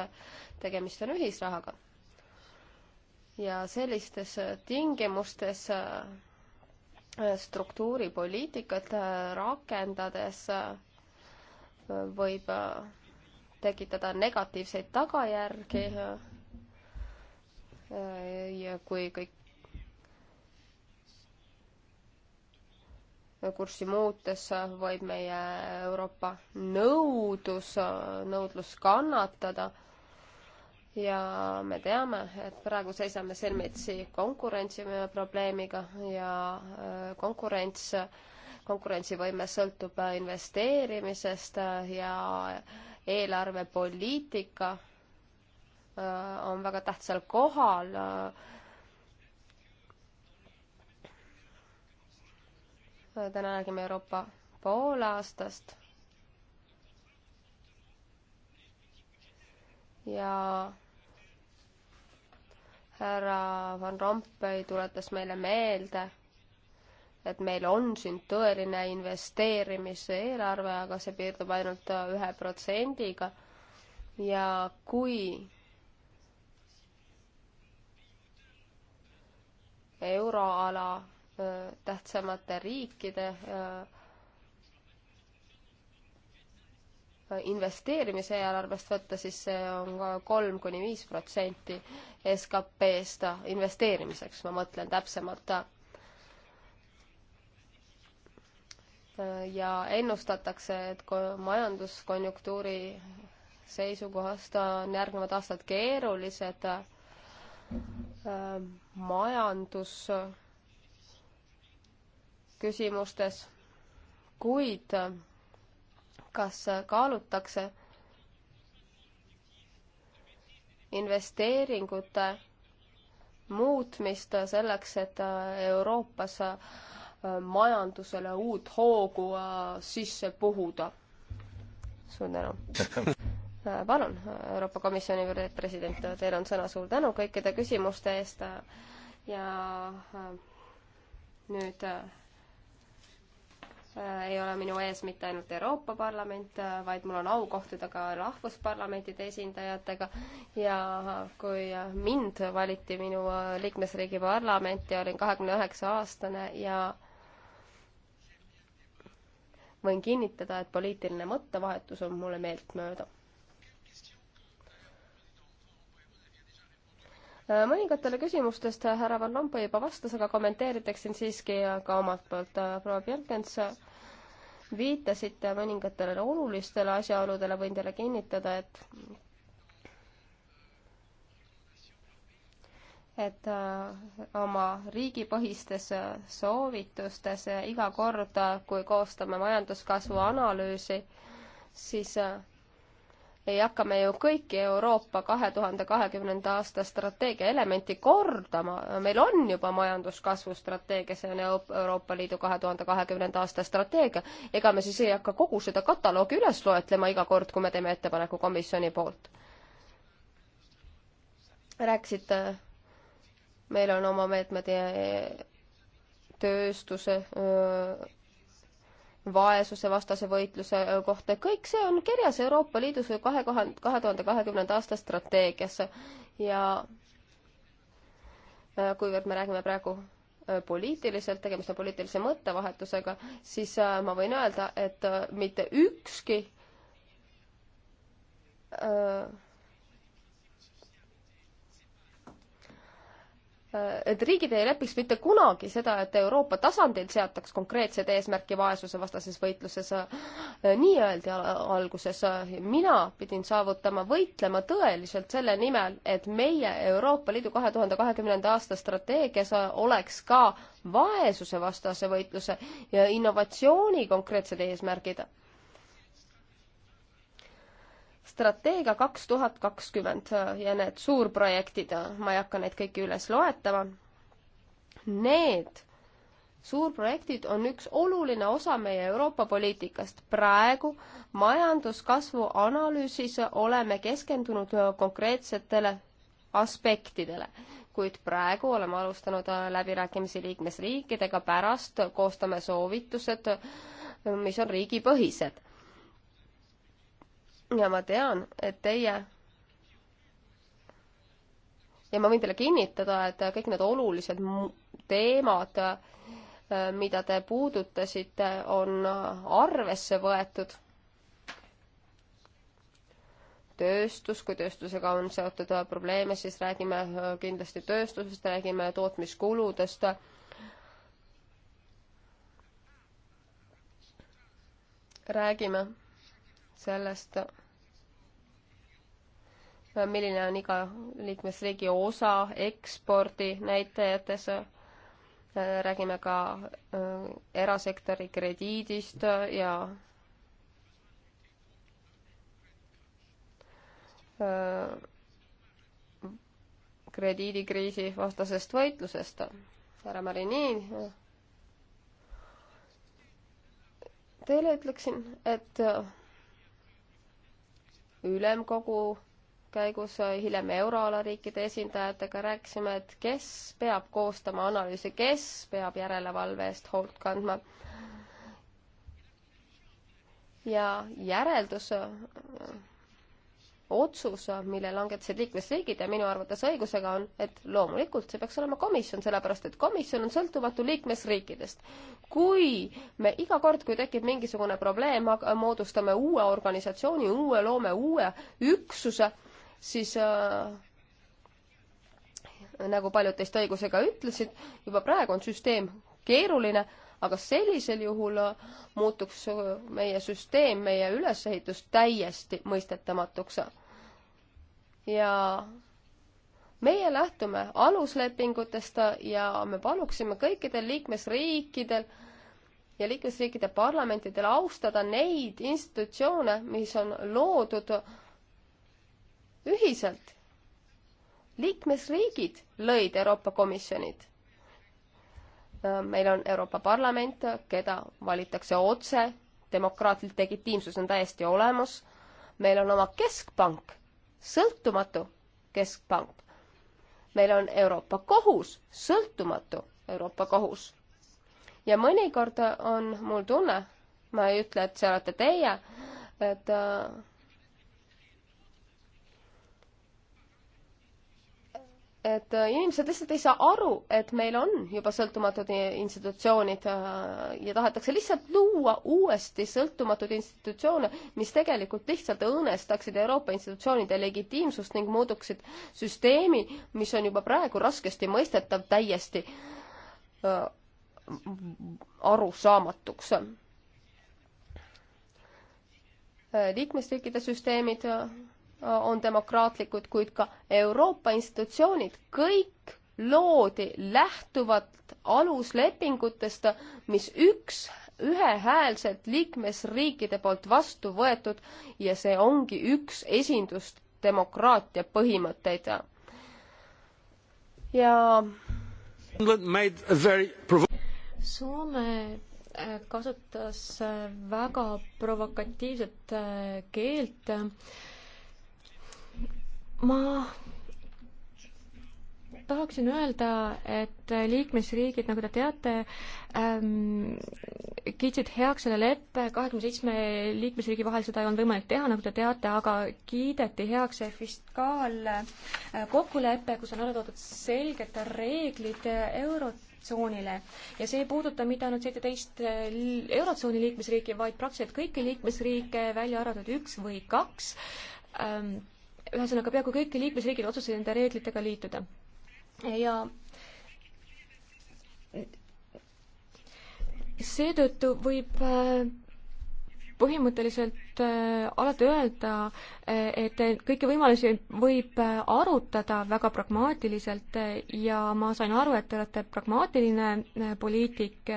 tegemist on ühisrahaga ja sellistes tingimustes äh, struktuuripoliitikat äh, rakendades äh, võib tekitada negatiivseid tagajärgi ja kui kõik kurssi muutes võib meie Euroopa nõudlus, nõudlus kannatada ja me teame, et praegu seisame silmitsi konkurentsi probleemiga ja äh, konkurents, konkurentsivõime sõltub investeerimisest ja eelarvepoliitika äh, on väga tähtsal kohal. Äh, täna räägime Euroopa poolaastast ja härra Van Rompuy tuletas meile meelde, et meil on siin tõeline investeerimiseelarve, aga see piirdub ainult äh, ühe protsendiga. ja kui euroala äh, tähtsamate riikide öö, äh, investeerimise eelarvest võtta, siis see on ka kolm kuni viis protsenti SKP-st investeerimiseks, ma mõtlen täpsemalt. ja ennustatakse, et majanduskonjunktuuri seisukohast on järgnevad aastad keerulised, majandus küsimustes, kuid kas kaalutakse investeeringute muutmist selleks, et Euroopas majandusele uut hoogu sisse puhuda. suur tänu palun, Euroopa Komisjoni president, teil on sõna, suur tänu kõikide küsimuste eest ja nüüd Äh, ei ole minu ees mitte ainult Euroopa Parlament, äh, vaid mul on au kohtuda ka rahvusparlamentide esindajatega ja kui äh, mind valiti minu liikmesriigi parlamenti, olin kahekümne üheksa aastane ja võin kinnitada, et poliitiline mõttevahetus on mulle meeltmööda Äh, mõningatele küsimustest äh, härra Van Rompuy juba vastas, aga kommenteeritaksin siiski äh, ka omalt poolt. proua Bjergens, viitasite mõningatele olulistele asjaoludele, võin teile kinnitada, et et oma riigipõhistes soovitustes iga kord, kui koostame majanduskasvu analüüsi, siis ei hakka me ju kõiki Euroopa kahe tuhande kahekümnenda aasta strateegia elementi kordama, meil on juba majanduskasvu strateegia, see on Euroopa Liidu kahe tuhande kahekümnenda aasta strateegia, ega me siis ei hakka kogu seda kataloogi üles loetlema iga kord, kui me teeme ettepaneku komisjoni poolt. rääkisite, meil on oma meetmed tööstuse öö, vaesusevastase võitluse kohta, kõik see on kirjas Euroopa Liidus kahe, kahe tuhande kahekümnenda aasta strateegias ja kuivõrd me räägime praegu poliitiliselt, tegemist on poliitilise mõttevahetusega, siis ma võin öelda, et mitte ükski öö, et riigid ei lepiks mitte kunagi seda, et Euroopa tasandil seataks konkreetsed eesmärki vaesusevastases võitluses. Äh, nii öeldi alguses, mina pidin saavutama, võitlema tõeliselt selle nimel, et meie Euroopa Liidu kahe tuhande kahekümnenda aasta strateegias oleks ka vaesusevastase võitluse ja innovatsiooni konkreetsed eesmärgid strateegia kaks tuhat kakskümmend äh, ja need suurprojektid, äh, ma ei hakka neid kõiki üles loetama, need suurprojektid on üks oluline osa meie Euroopa poliitikast. praegu majanduskasvu analüüsis oleme keskendunud äh, konkreetsetele aspektidele, kuid praegu oleme alustanud läbirääkimisi liikmesriikidega, pärast koostame soovitused, mis on riigipõhised ja ma tean, et teie ja ma võin teile kinnitada, et kõik need olulised teemad, mida te puudutasite, on arvesse võetud. tööstus, kui tööstusega on seotud probleeme, siis räägime kindlasti tööstusest, räägime tootmiskuludest räägime sellest, milline on iga liikmesriigi osa ekspordi näitajates, räägime ka äh, erasektori krediidist ja äh, krediidikriisi vastasest võitlusest. härra Marini. Äh, teile ütleksin, et ülemkogu käigus äh, hiljem euroala riikide esindajatega rääkisime, et kes peab koostama analüüsi, kes peab järelevalve eest hoolt kandma. ja järeldus, äh, otsus, mille langetasid liikmesriigid ja minu arvates õigusega on, et loomulikult see peaks olema komisjon, sellepärast et komisjon on sõltumatu liikmesriikidest. kui me iga kord, kui tekib mingisugune probleem, moodustame uue organisatsiooni, uue loome, uue üksuse siis äh, nagu paljud teist õigusega ütlesid, juba praegu on süsteem keeruline, aga sellisel juhul äh, muutuks äh, meie süsteem, meie ülesehitus täiesti mõistetamatuks. ja meie lähtume aluslepingutest ja me paluksime kõikidel liikmesriikidel ja liikmesriikide parlamentidel austada neid institutsioone, mis on loodud ühiselt. liikmesriigid lõid Euroopa Komisjonid. Äh, meil on Euroopa Parlament, keda valitakse otse, demokraatlik legitiimsus on täiesti olemas, meil on oma keskpank, sõltumatu keskpank, meil on Euroopa Kohus, sõltumatu Euroopa Kohus. ja mõnikord on mul tunne, ma ei ütle, et see olete teie, et äh, et äh, inimesed lihtsalt ei saa aru, et meil on juba sõltumatud institutsioonid äh, ja tahetakse lihtsalt luua uuesti sõltumatuid institutsioone, mis tegelikult lihtsalt õõnestaksid Euroopa institutsioonide legitiimsust ning muuduksid süsteemi, mis on juba praegu raskesti mõistetav, täiesti äh, arusaamatuks liikmesriikide süsteemid Äh, on demokraatlikud, kuid ka Euroopa institutsioonid, kõik loodi lähtuvalt aluslepingutest, mis üks, ühehäälselt liikmesriikide poolt vastu võetud ja see ongi üks esindust demokraatia põhimõtteid. ja Soome äh, kasutas äh, väga provokatiivset keelt ma tahaksin öelda, et liikmesriigid, nagu te teate ähm,, kiitsid heaks selle leppe, kahekümne seitsme liikmesriigi vahel seda ei olnud võimalik teha, nagu te teate, aga kiideti heaks see fiskaalkokkulepe, äh, kus on ära toodud selged reeglid eurotsoonile ja see ei puuduta mitte ainult seitseteist äh, eurotsooni liikmesriiki, vaid praktiliselt kõiki liikmesriike, välja arvatud üks või kaks ähm, ühesõnaga, peaaegu kõik liikmesriigid otsustasid nende reeglitega liituda. ja seetõttu võib äh, põhimõtteliselt tahtnud äh, alati öelda, äh, et kõiki võimalusi võib äh, arutada väga pragmaatiliselt ja ma sain aru, et te olete pragmaatiline poliitik,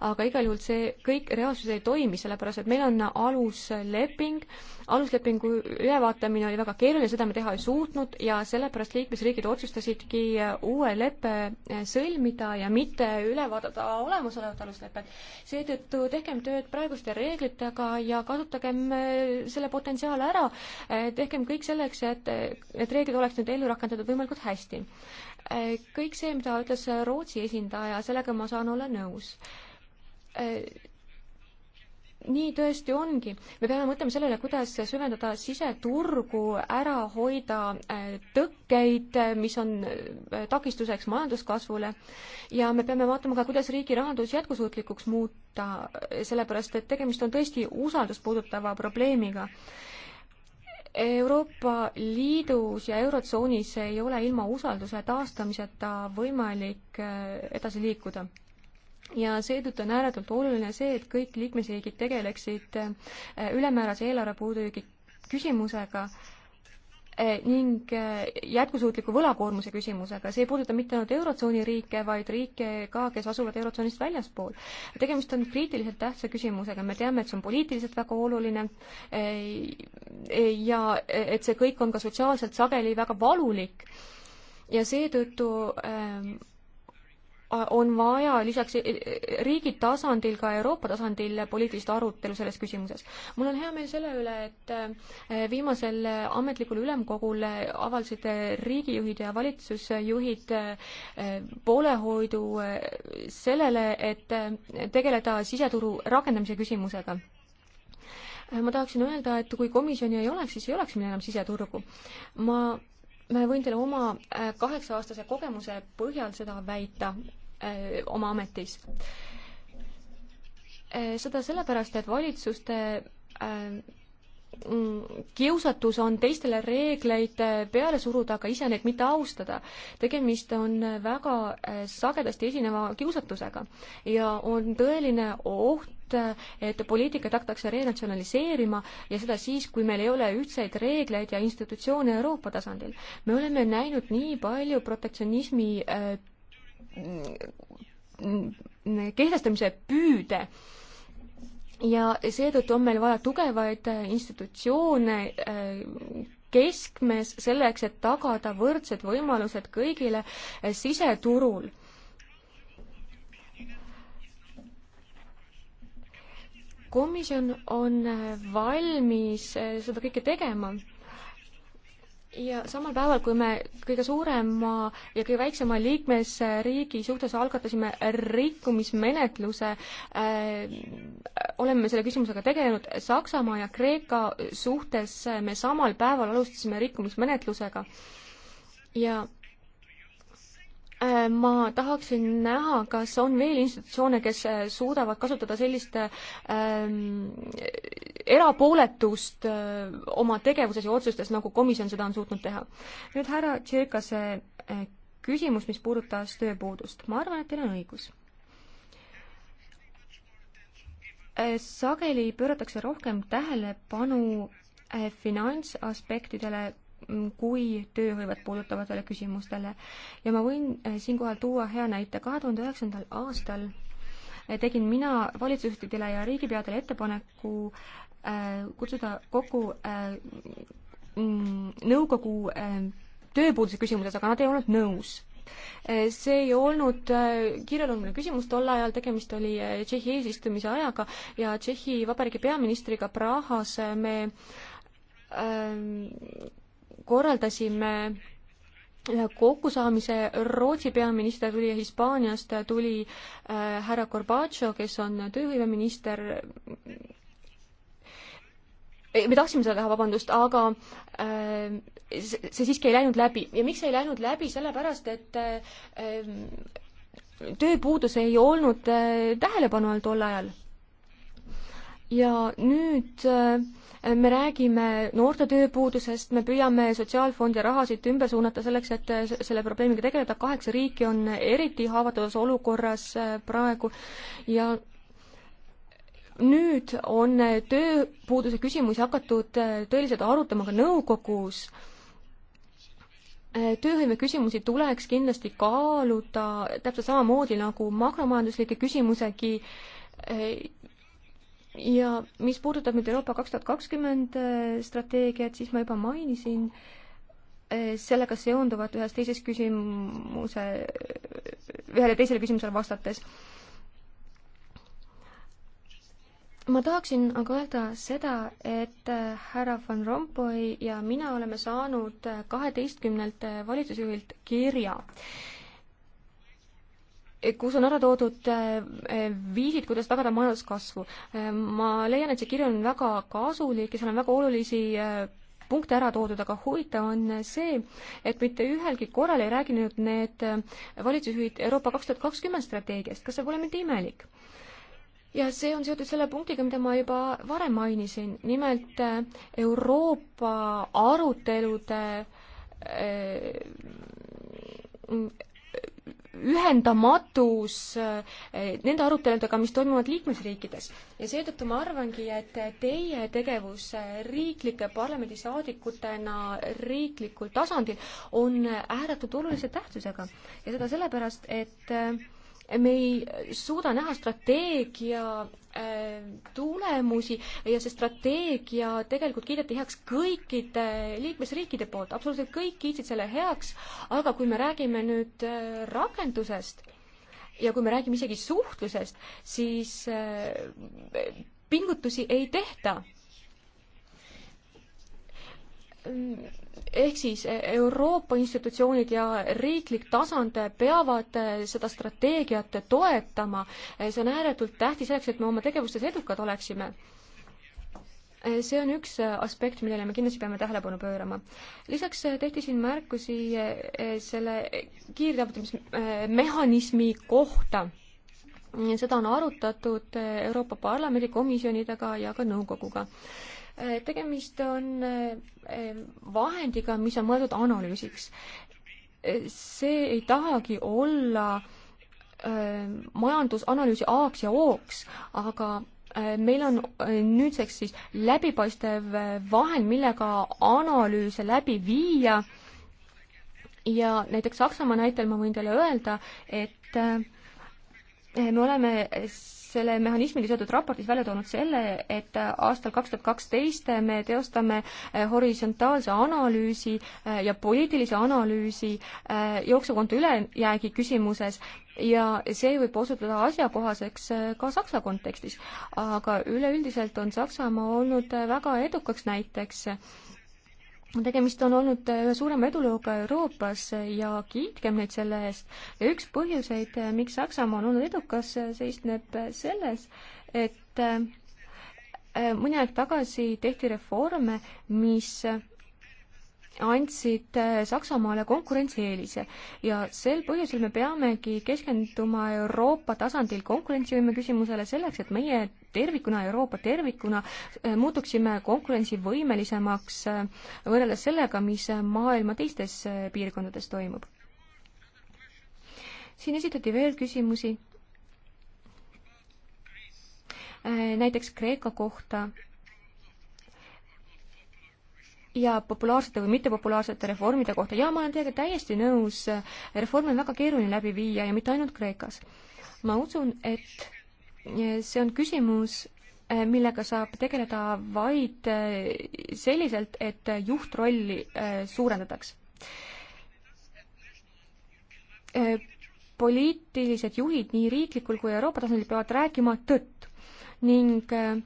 aga igal juhul see kõik reaalsuses ei toimi, sellepärast et meil on alusleping, aluslepingu ülevaatamine oli väga keeruline, seda me teha ei suutnud ja sellepärast liikmesriigid otsustasidki uue leppe sõlmida ja mitte üle vaadata olemasolevat aluslepet. seetõttu tehkem tööd praeguste reeglitega ja kasutagem Äh, selle potentsiaal ära, äh, tehkem kõik selleks, et, et reeglid oleks nüüd ellu rakendatud võimalikult hästi. Äh, kõik see, mida ütles Rootsi esindaja, sellega ma saan olla nõus nii tõesti ongi. me peame mõtlema sellele, kuidas süvendada siseturgu, ära hoida äh, tõkkeid, äh, mis on äh, takistuseks majanduskasvule ja me peame vaatama ka, kuidas riigi rahandus jätkusuutlikuks muuta, sellepärast et tegemist on tõesti usaldust puudutava probleemiga. Euroopa Liidus ja Eurotsoonis ei ole ilma usalduse taastamiseta võimalik edasi liikuda ja seetõttu on ääretult oluline see, et kõik liikmesriigid tegeleksid äh, ülemäärase eelarve puudujäägi küsimusega äh, ning äh, jätkusuutliku võlakoormuse küsimusega, see ei puuduta mitte ainult Eurotsooni riike, vaid riike ka, kes asuvad Eurotsoonist väljaspool. tegemist on kriitiliselt tähtsa küsimusega, me teame, et see on poliitiliselt väga oluline ja et see kõik on ka sotsiaalselt sageli väga valulik ja seetõttu ähm, Äh, on vaja lisaks e, e, riigi tasandil ka Euroopa tasandil poliitilist arutelu selles küsimuses. mul on hea meel selle üle, et äh, viimasel ametlikul ülemkogul avaldasid riigijuhid ja valitsusjuhid äh, poolehoidu sellele, et tegeleda siseturu rakendamise küsimusega ma tahaksin öelda, et kui komisjoni ei oleks, siis ei oleks meil enam siseturgu. ma ma võin teile oma äh, kaheksa-aastase kogemuse põhjal seda väita äh, oma ametis. Äh, seda sellepärast, et valitsuste Mm, kiusatus on teistele reegleid äh, peale suruda, aga ise neid mitte austada. tegemist on äh, väga äh, sagedasti esineva kiusatusega ja on tõeline oht, et poliitikat hakatakse renatsionaliseerima ja seda siis, kui meil ei ole ühtseid reegleid ja institutsioone Euroopa tasandil. me oleme näinud nii palju protektsionismi mm, kehtestamise püüde äh, ja seetõttu on meil vaja tugevaid äh, institutsioone äh, keskmes selleks, et tagada võrdsed võimalused kõigile äh, siseturul. komisjon on valmis seda kõike tegema ja samal päeval, kui me kõige suurema ja kõige väiksema liikmesriigi suhtes algatasime rikkumismenetluse äh,, oleme selle küsimusega tegelenud, Saksamaa ja Kreeka suhtes me samal päeval alustasime rikkumismenetlusega ja Äh, ma tahaksin näha, kas on veel institutsioone, kes äh, suudavad kasutada sellist ähm, erapooletust äh, oma tegevuses ja otsustes, nagu komisjon seda on suutnud teha. nüüd härra Tširkase äh, küsimus, mis puudutas tööpuudust. ma arvan, et teil on õigus äh,. sageli pööratakse rohkem tähelepanu äh, finantsaspektidele kui tööhõivet puudutavatele küsimustele. ja ma võin äh, siinkohal tuua hea näite. kahe tuhande üheksandal aastal äh, tegin mina valitsusjuhtidele ja riigipeadele ettepaneku äh, kutsuda kokku mm, nõukogu tööpuuduse küsimuses, aga nad ei olnud nõus see ei olnud kiireloomuline küsimus tol ajal, tegemist oli Tšehhi eesistumise ajaga ja Tšehhi Vabariigi peaministriga Prahas me ähm, korraldasime ühe kokkusaamise, Rootsi peaminister tuli ja Hispaaniast tuli äh, härra Gorbatšo, kes on tööhõiveminister, me tahtsime seda teha, vabandust, aga äh, see, see siiski ei läinud läbi ja miks ei läinud läbi, sellepärast et äh, tööpuudus ei olnud äh, tähelepanu all tol ajal. ja nüüd äh, me räägime noorte tööpuudusest, me püüame sotsiaalfondi rahasid ümber suunata selleks, et selle probleemiga tegeleda, kaheksa riiki on eriti haavatavas olukorras äh, praegu ja nüüd on tööpuuduse küsimusi hakatud äh, tõeliselt arutama ka nõukogus. Äh, tööhõive küsimusi tuleks kindlasti kaaluda täpselt samamoodi nagu makromajanduslikke küsimusegi ja mis puudutab nüüd Euroopa kaks tuhat kakskümmend äh, strateegiat, siis ma juba mainisin äh, sellega seonduvat ühes teises küsimuse, ühele teisele küsimusele vastates. ma tahaksin aga öelda seda, et äh, härra Van Rompuy ja mina oleme saanud kaheteistkümnelt valitsusjuhilt kirja äh, Eh, kus on ära toodud eh, eh, viisid, kuidas tagada majanduskasvu. ma leian, et see kiri on väga kasulik ja seal on väga olulisi punkte ära toodud, aga huvitav on see, et mitte ühelgi korral ei rääginud need valitsusjuhid Euroopa kaks tuhat kakskümmend strateegiast, kas see pole mitte imelik? ja see on seotud selle punktiga, mida ma juba varem mainisin, nimelt Euroopa arutelude ühendamatus eh, nende aruteludega, mis toimuvad liikmesriikides. ja seetõttu ma arvangi, et teie tegevus riiklike parlamendisaadikutena riiklikul tasandil on ääretult olulise tähtsusega ja seda sellepärast, et eh, me ei suuda näha strateegia äh, tulemusi ja see strateegia tegelikult kiideti heaks kõikide liikmesriikide poolt, absoluutselt kõik kiitsid selle heaks, aga kui me räägime nüüd äh, rakendusest ja kui me räägime isegi suhtlusest, siis äh, pingutusi ei tehta ehk siis Euroopa institutsioonid ja riiklik tasand peavad seda strateegiat toetama. see on ääretult tähtis selleks, et me oma tegevustes edukad oleksime see on üks aspekt, millele me kindlasti peame tähelepanu pöörama. lisaks tehti siin märkusi selle kiirteavitamismehhanismi kohta. seda on arutatud Euroopa Parlamendi komisjonidega ja ka nõukoguga Äh, tegemist on äh, äh, vahendiga, mis on mõeldud analüüsiks. see ei tahagi olla majandusanalüüsi A-ks ja O-ks, aga meil on nüüdseks siis läbipaistev vahend, millega analüüse läbi viia ja näiteks Saksamaa näitel ma võin teile öelda, et me oleme selle mehhanismiga seotud raportis välja toonud selle, et aastal kaks tuhat kaksteist me teostame eh, horisontaalse analüüsi eh, ja poliitilise analüüsi eh, jooksukonto ülejäägi küsimuses ja see võib osutuda asjakohaseks ka Saksa kontekstis. aga üleüldiselt on Saksamaa olnud väga edukaks näiteks tegemist on olnud ühe suurema edulooga Euroopas ja kiitkem neid selle eest. ja üks põhjuseid, eh, miks Saksamaa on olnud edukas, eh, seisneb selles, et eh, mõni aeg tagasi tehti reforme, mis andsid eh, Saksamaale konkurentsieelise ja sel põhjusel me peamegi keskenduma Euroopa tasandil konkurentsivõime küsimusele selleks, et meie tervikuna, Euroopa tervikuna eh, muutuksime konkurentsivõimelisemaks eh, võrreldes sellega, mis maailma teistes piirkondades toimub. siin esitati veel küsimusi, näiteks Kreeka kohta ja populaarsete või mittepopulaarsete reformide kohta, jaa, ma olen teiega täiesti nõus, reforme on väga keeruline läbi viia ja mitte ainult Kreekas. ma usun, et see on küsimus, millega saab tegeleda vaid selliselt, et juhtrolli äh, suurendataks. Äh, poliitilised juhid nii riiklikul kui Euroopa tasandil peavad rääkima tõtt ning äh,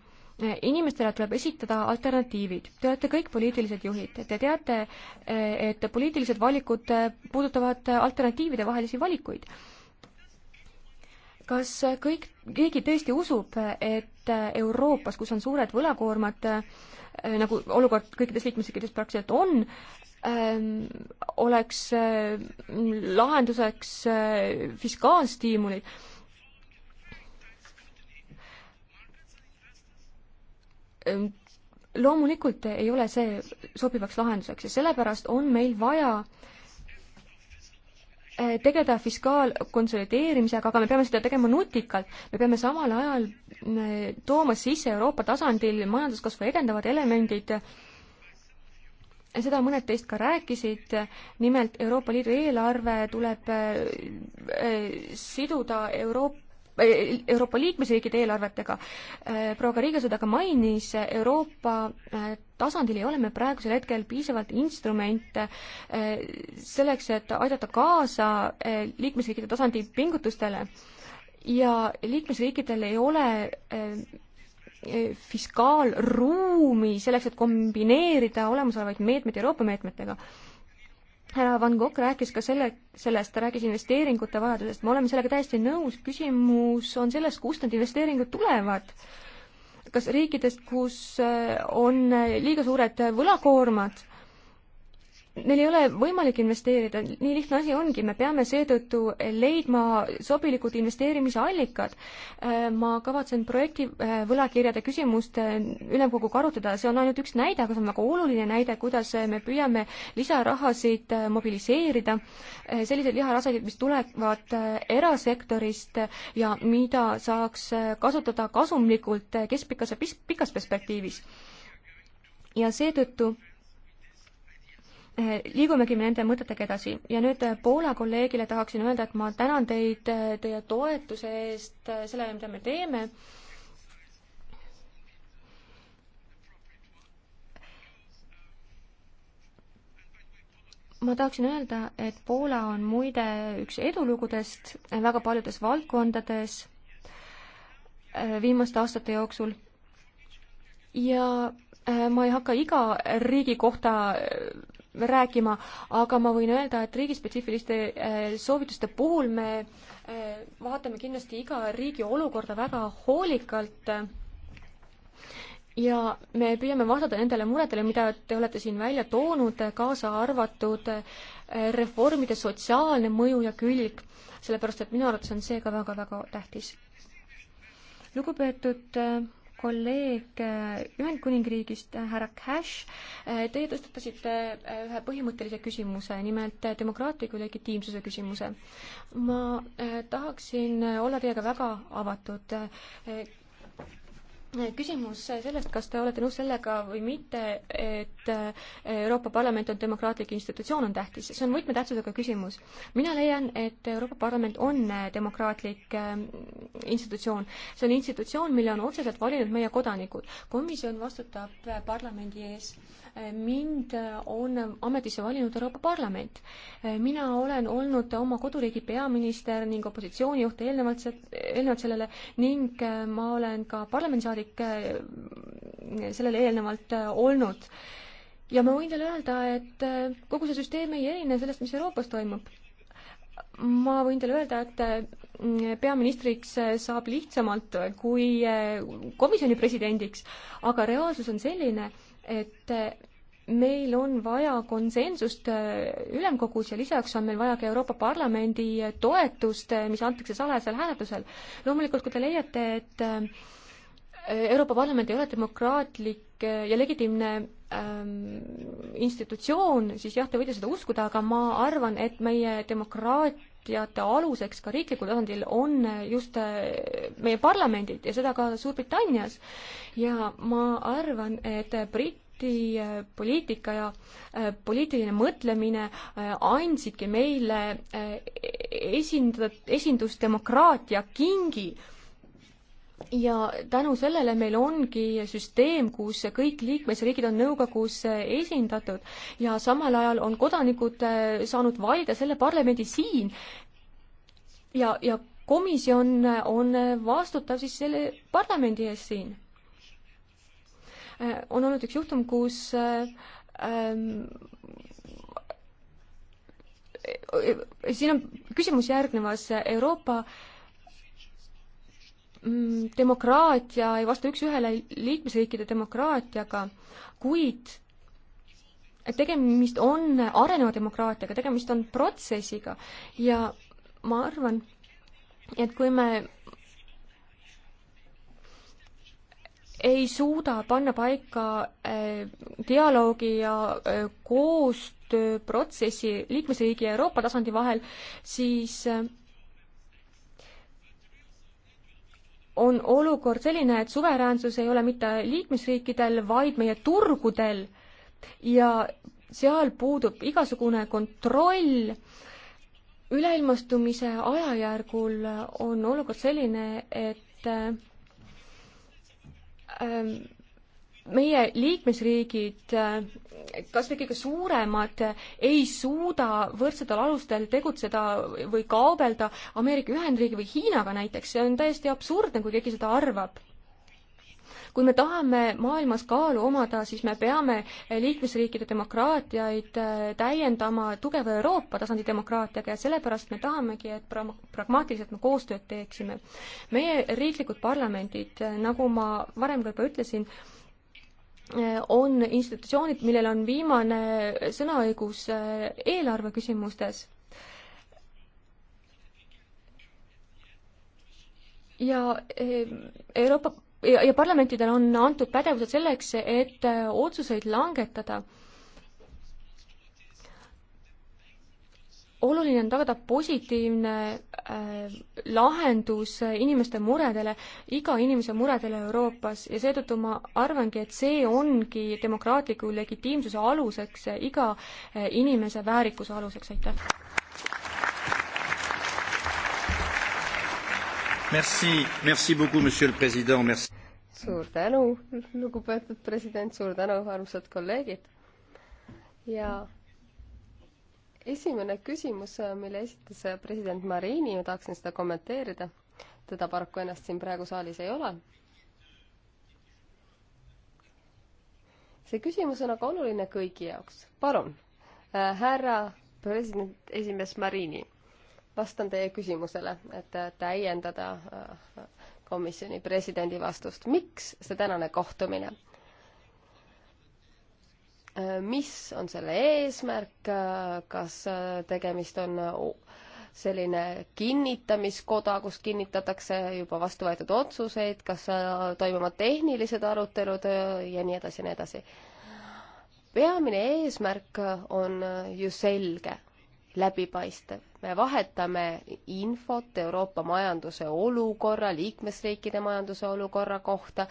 inimestele tuleb esitada alternatiivid. Te olete kõik poliitilised juhid, te teate, et poliitilised valikud puudutavad alternatiivide vahelisi valikuid. kas kõik, keegi tõesti usub, et Euroopas, kus on suured võlakoormad, nagu olukord kõikides liikmesriikides praktiliselt on, ähm, oleks äh, lahenduseks äh, fiskaalstiimulid loomulikult ei ole see sobivaks lahenduseks ja sellepärast on meil vaja eh, tegeleda fiskaalkonsolideerimisega, aga me peame seda tegema nutikalt. me peame samal ajal tooma sisse Euroopa tasandil majanduskasvu edendavad elemendid, seda mõned teist ka rääkisid, nimelt Euroopa Liidu eelarve tuleb eh, eh, siduda Euroopa Eh, Euroopa liikmesriikide eelarvetega. Eh, proua Kariga seda ka mainis, Euroopa eh, tasandil ei ole me praegusel hetkel piisavalt instrumente selleks, et aidata kaasa liikmesriikide tasandi pingutustele ja liikmesriikidel ei ole fiskaalruumi selleks, et kombineerida olemasolevaid meetmeid Euroopa meetmetega härra Van Gogh rääkis ka selle, sellest, ta rääkis investeeringute vajadusest, me oleme sellega täiesti nõus, küsimus on selles, kust need investeeringud tulevad. kas riikidest, kus äh, on äh, liiga suured äh, võlakoormad neil ei ole võimalik investeerida, nii lihtne asi ongi, me peame seetõttu leidma sobilikud investeerimisallikad. Äh, ma kavatsen projekti äh, võlakirjade küsimust äh, ülemkoguga arutada, see on ainult üks näide, aga see on väga oluline näide, kuidas me püüame lisarahasid mobiliseerida, selliseid lisarahasid, mis tulevad erasektorist ja mida saaks kasutada kasumlikult keskpikas ja pikas perspektiivis. ja seetõttu liigumegi me nende mõtetega edasi ja nüüd äh, Poola kolleegile tahaksin öelda, et ma tänan teid äh, teie toetuse eest äh, sellele, mida me teeme. ma tahaksin öelda, et Poola on muide üks edulugudest väga paljudes valdkondades viimaste aastate jooksul ja ma ei hakka iga riigi kohta rääkima, aga ma võin öelda, et riigispetsiifiliste äh, soovituste puhul me äh, vaatame kindlasti iga riigi olukorda väga hoolikalt ja me püüame vastata nendele muredele, mida te olete siin välja toonud, kaasa arvatud äh, reformide sotsiaalne mõju ja külg, sellepärast et minu arvates on see ka väga-väga tähtis. lugupeetud kolleeg äh, Ühendkuningriigist, äh, härra Cash, äh, teie tõstatasite ühe põhimõttelise küsimuse, nimelt demokraatliku legitiimsuse küsimuse. ma tahaksin olla teiega väga avatud küsimus sellest, kas te olete nõus sellega või mitte, et äh, Euroopa Parlament on demokraatlik institutsioon, on tähtis. see on võtmetähtsusega küsimus. mina leian, et Euroopa Parlament on äh, demokraatlik äh, institutsioon. see on institutsioon, mille on otseselt valinud meie kodanikud. komisjon vastutab parlamendi ees mind on ametisse valinud Euroopa Parlament. mina olen olnud oma koduriigi peaminister ning opositsioonijuht eelnevalt, eelnevalt sellele ning äh, ma olen ka parlamendisaadik äh, sellele eelnevalt äh, olnud. ja ma võin teile öelda, et kogu see süsteem ei erine sellest, mis Euroopas toimub ma võin teile öelda, et peaministriks saab lihtsamalt kui komisjoni presidendiks, aga reaalsus on selline, et äh, meil on vaja konsensust äh, ülemkogus ja lisaks on meil vaja ka Euroopa Parlamendi äh, toetust, mis antakse salajasel hääletusel. loomulikult, kui te leiate, et Euroopa Parlament ei ole demokraatlik ja legitiimne ähm, institutsioon, siis jah, te võite seda uskuda, aga ma arvan, et meie demokraat-, demokraatiate aluseks ka riiklikul tasandil on just äh, meie parlamendid ja seda ka Suurbritannias. ja ma arvan, et Briti äh, poliitika ja äh, poliitiline mõtlemine andsidki meile esindada, esindusdemokraatia kingi ja tänu sellele meil ongi süsteem, kus kõik liikmesriigid on nõukogus esindatud ja samal ajal on kodanikud äh, saanud valida selle parlamendi siin ja, ja komisjon on vastutav siis selle parlamendi ees siin. Äh, on olnud üks juhtum, kus äh, ähm, siin on küsimus järgnevas, Euroopa äh, Mm, demokraatia ei vasta üks-ühele liikmesriikide demokraatiaga, kuid tegemist on areneva demokraatiaga, tegemist on protsessiga ja ma arvan, et kui me ei suuda panna paika äh, dialoogi ja äh, koostööprotsessi liikmesriigi ja Euroopa tasandi vahel, siis äh, on olukord selline, et suveräänsus ei ole mitte liikmesriikidel, vaid meie turgudel ja seal puudub igasugune kontroll. üleilmastumise ajajärgul on olukord selline, et ähm, meie liikmesriigid, äh, kas või kõige suuremad, ei suuda võrdsetel alustel tegutseda või kaubelda Ameerika Ühendriigi või Hiinaga näiteks, see on täiesti absurdne, kui keegi seda arvab kui me tahame maailmas kaalu omada, siis me peame liikmesriikide demokraatiaid äh, täiendama tugeva Euroopa tasandi demokraatiaga ja sellepärast me tahamegi, et pra-, pragmaatiliselt me koostööd teeksime. meie riiklikud parlamendid, äh, nagu ma varem ka juba ütlesin, on institutsioonid, millel on viimane sõnaõigus äh, eelarve küsimustes. ja äh, Euroopa ja, ja parlamentidel on antud pädevused selleks, et äh, otsuseid langetada oluline on tagada positiivne äh, lahendus inimeste muredele, iga inimese muredele Euroopas ja seetõttu ma arvangi, et see ongi demokraatliku legitiimsuse aluseks, iga äh, inimese väärikuse aluseks, aitäh. Merci, merci beaucoup, monsieur le president, merci. suur tänu, lugupeetud president, suur tänu, armsad kolleegid ja esimene küsimus, mille esitas president Marini, ma tahaksin seda kommenteerida. teda paraku ennast siin praegu saalis ei ole. see küsimus on aga oluline kõigi jaoks. palun, äh, härra president, esimees Marini, vastan teie küsimusele, et äh, täiendada äh, komisjoni presidendi vastust. miks see tänane kohtumine? Äh, mis on selle eesmärk, äh, kas äh, tegemist on selline kinnitamiskoda, kus kinnitatakse juba vastu võetud otsuseid, kas toimuvad tehnilised arutelud ja nii edasi ja nii edasi. peamine eesmärk on ju selge, läbipaistev. me vahetame infot Euroopa majanduse olukorra, liikmesriikide majanduse olukorra kohta,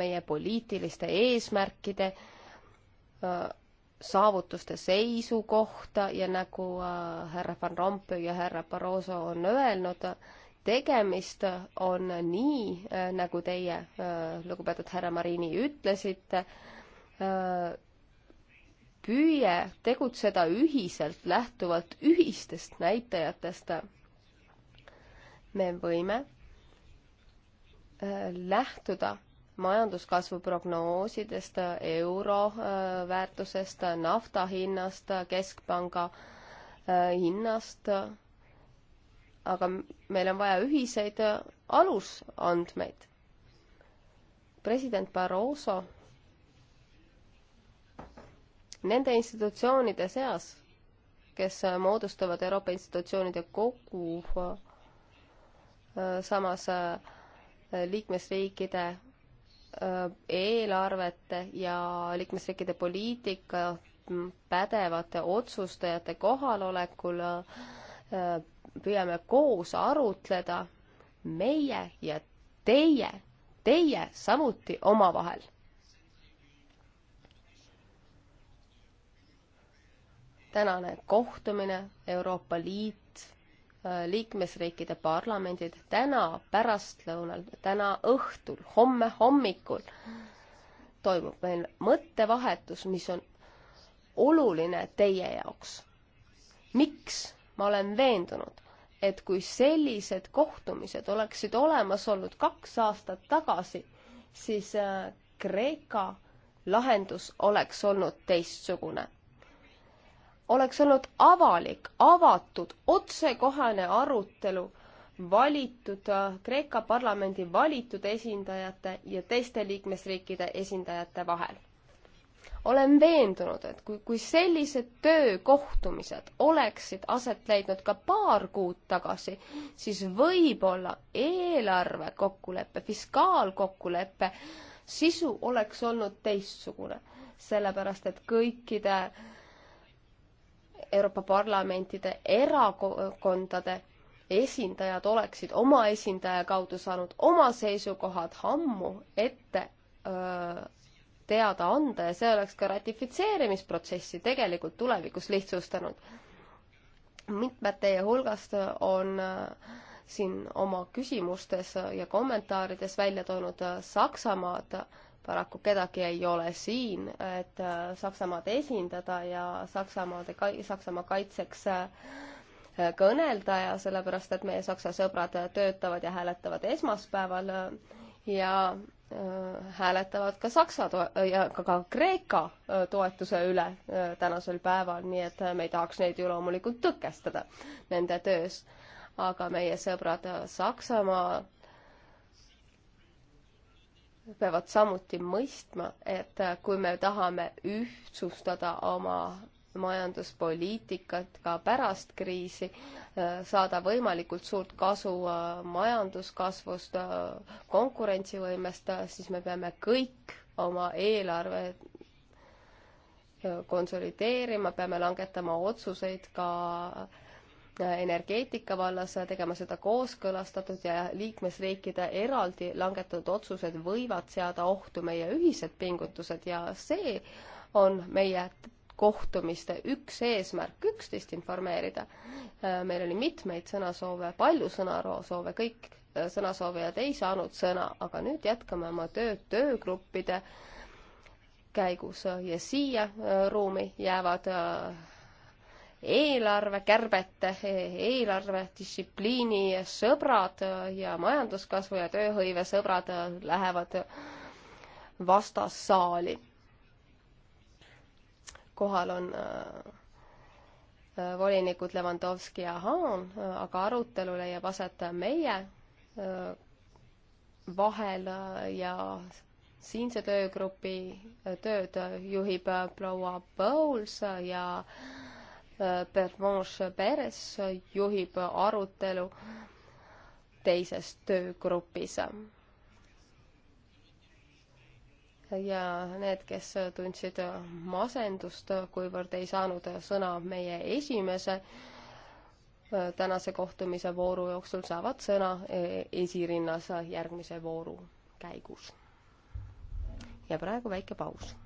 meie poliitiliste eesmärkide äh, Äh, saavutuste seisukohta ja nagu äh, härra Van Rompuy ja härra Barroso on öelnud, tegemist on nii, äh, nagu teie, lugupeetud härra Marini, ütlesite, püüe tegutseda ühiselt, lähtuvalt ühistest näitajatest. me võime lähtuda majanduskasvu prognoosidest, euro äh, väärtusest, nafta hinnast, keskpanga äh, hinnast, aga meil on vaja ühiseid äh, alusandmeid. president Barroso nende institutsioonide seas, kes moodustavad Euroopa institutsioonide kogu, samas liikmesriikide Äh, eelarvete ja liikmesriikide poliitika pädevate otsustajate kohalolekul äh, püüame koos arutleda meie ja teie, teie samuti omavahel. tänane kohtumine Euroopa Liit Äh, liikmesriikide parlamendid täna pärastlõunal, täna õhtul, homme hommikul toimub meil mõttevahetus, mis on oluline teie jaoks. miks? ma olen veendunud, et kui sellised kohtumised oleksid olemas olnud kaks aastat tagasi, siis äh, Kreeka lahendus oleks olnud teistsugune oleks olnud avalik, avatud, otsekohane arutelu valitud äh, Kreeka parlamendi valitud esindajate ja teiste liikmesriikide esindajate vahel. olen veendunud, et kui, kui sellised töökohtumised oleksid aset leidnud ka paar kuud tagasi, siis võib-olla eelarvekokkulepe, fiskaalkokkulepe sisu oleks olnud teistsugune, sellepärast et kõikide äh, Euroopa Parlamentide erakondade esindajad oleksid oma esindaja kaudu saanud oma seisukohad ammu ette öö, teada anda ja see oleks ka ratifitseerimisprotsessi tegelikult tulevikus lihtsustanud. mitmed teie hulgast on öö, siin oma küsimustes ja kommentaarides välja toonud Saksamaad öö, paraku kedagi ei ole siin, et äh, Saksamaad esindada ja Saksamaade, Saksamaa kaitseks äh, kõnelda ja sellepärast, et meie saksa sõbrad töötavad ja hääletavad esmaspäeval äh, ja hääletavad ka Saksa ja ka, ka Kreeka toetuse üle tänasel päeval, nii et me ei tahaks neid ju loomulikult tõkestada nende töös. aga meie sõbrad Saksamaa peavad samuti mõistma, et äh, kui me tahame ühtsustada oma majanduspoliitikat ka pärast kriisi, äh, saada võimalikult suurt kasu äh, majanduskasvust, konkurentsivõimest, siis me peame kõik oma eelarve konsolideerima, peame langetama otsuseid ka energeetika vallas tegema seda kooskõlastatud ja liikmesriikide eraldi langetatud otsused võivad seada ohtu meie ühised pingutused ja see on meie kohtumiste üks eesmärk, üksteist informeerida. meil oli mitmeid sõnasoove, palju sõnasoove, kõik sõnasoovijad ei saanud sõna, aga nüüd jätkame oma tööd töögruppide käigus ja siia ruumi jäävad eelarvekärbete, eelarvedistsipliini sõbrad ja majanduskasvu ja tööhõive sõbrad lähevad vastassaali. kohal on äh, volinikud Levandovski ja Haan, aga arutelu leiab aset meie äh, vahel ja siinse töögrupi tööd juhib äh, proua Bowles ja äh, Pervenche Peres juhib arutelu teises töögrupis. ja need, kes tundsid masendust, kuivõrd ei saanud sõna meie esimese äh, tänase kohtumise vooru jooksul, saavad sõna äh, esirinnas järgmise vooru käigus. ja praegu väike paus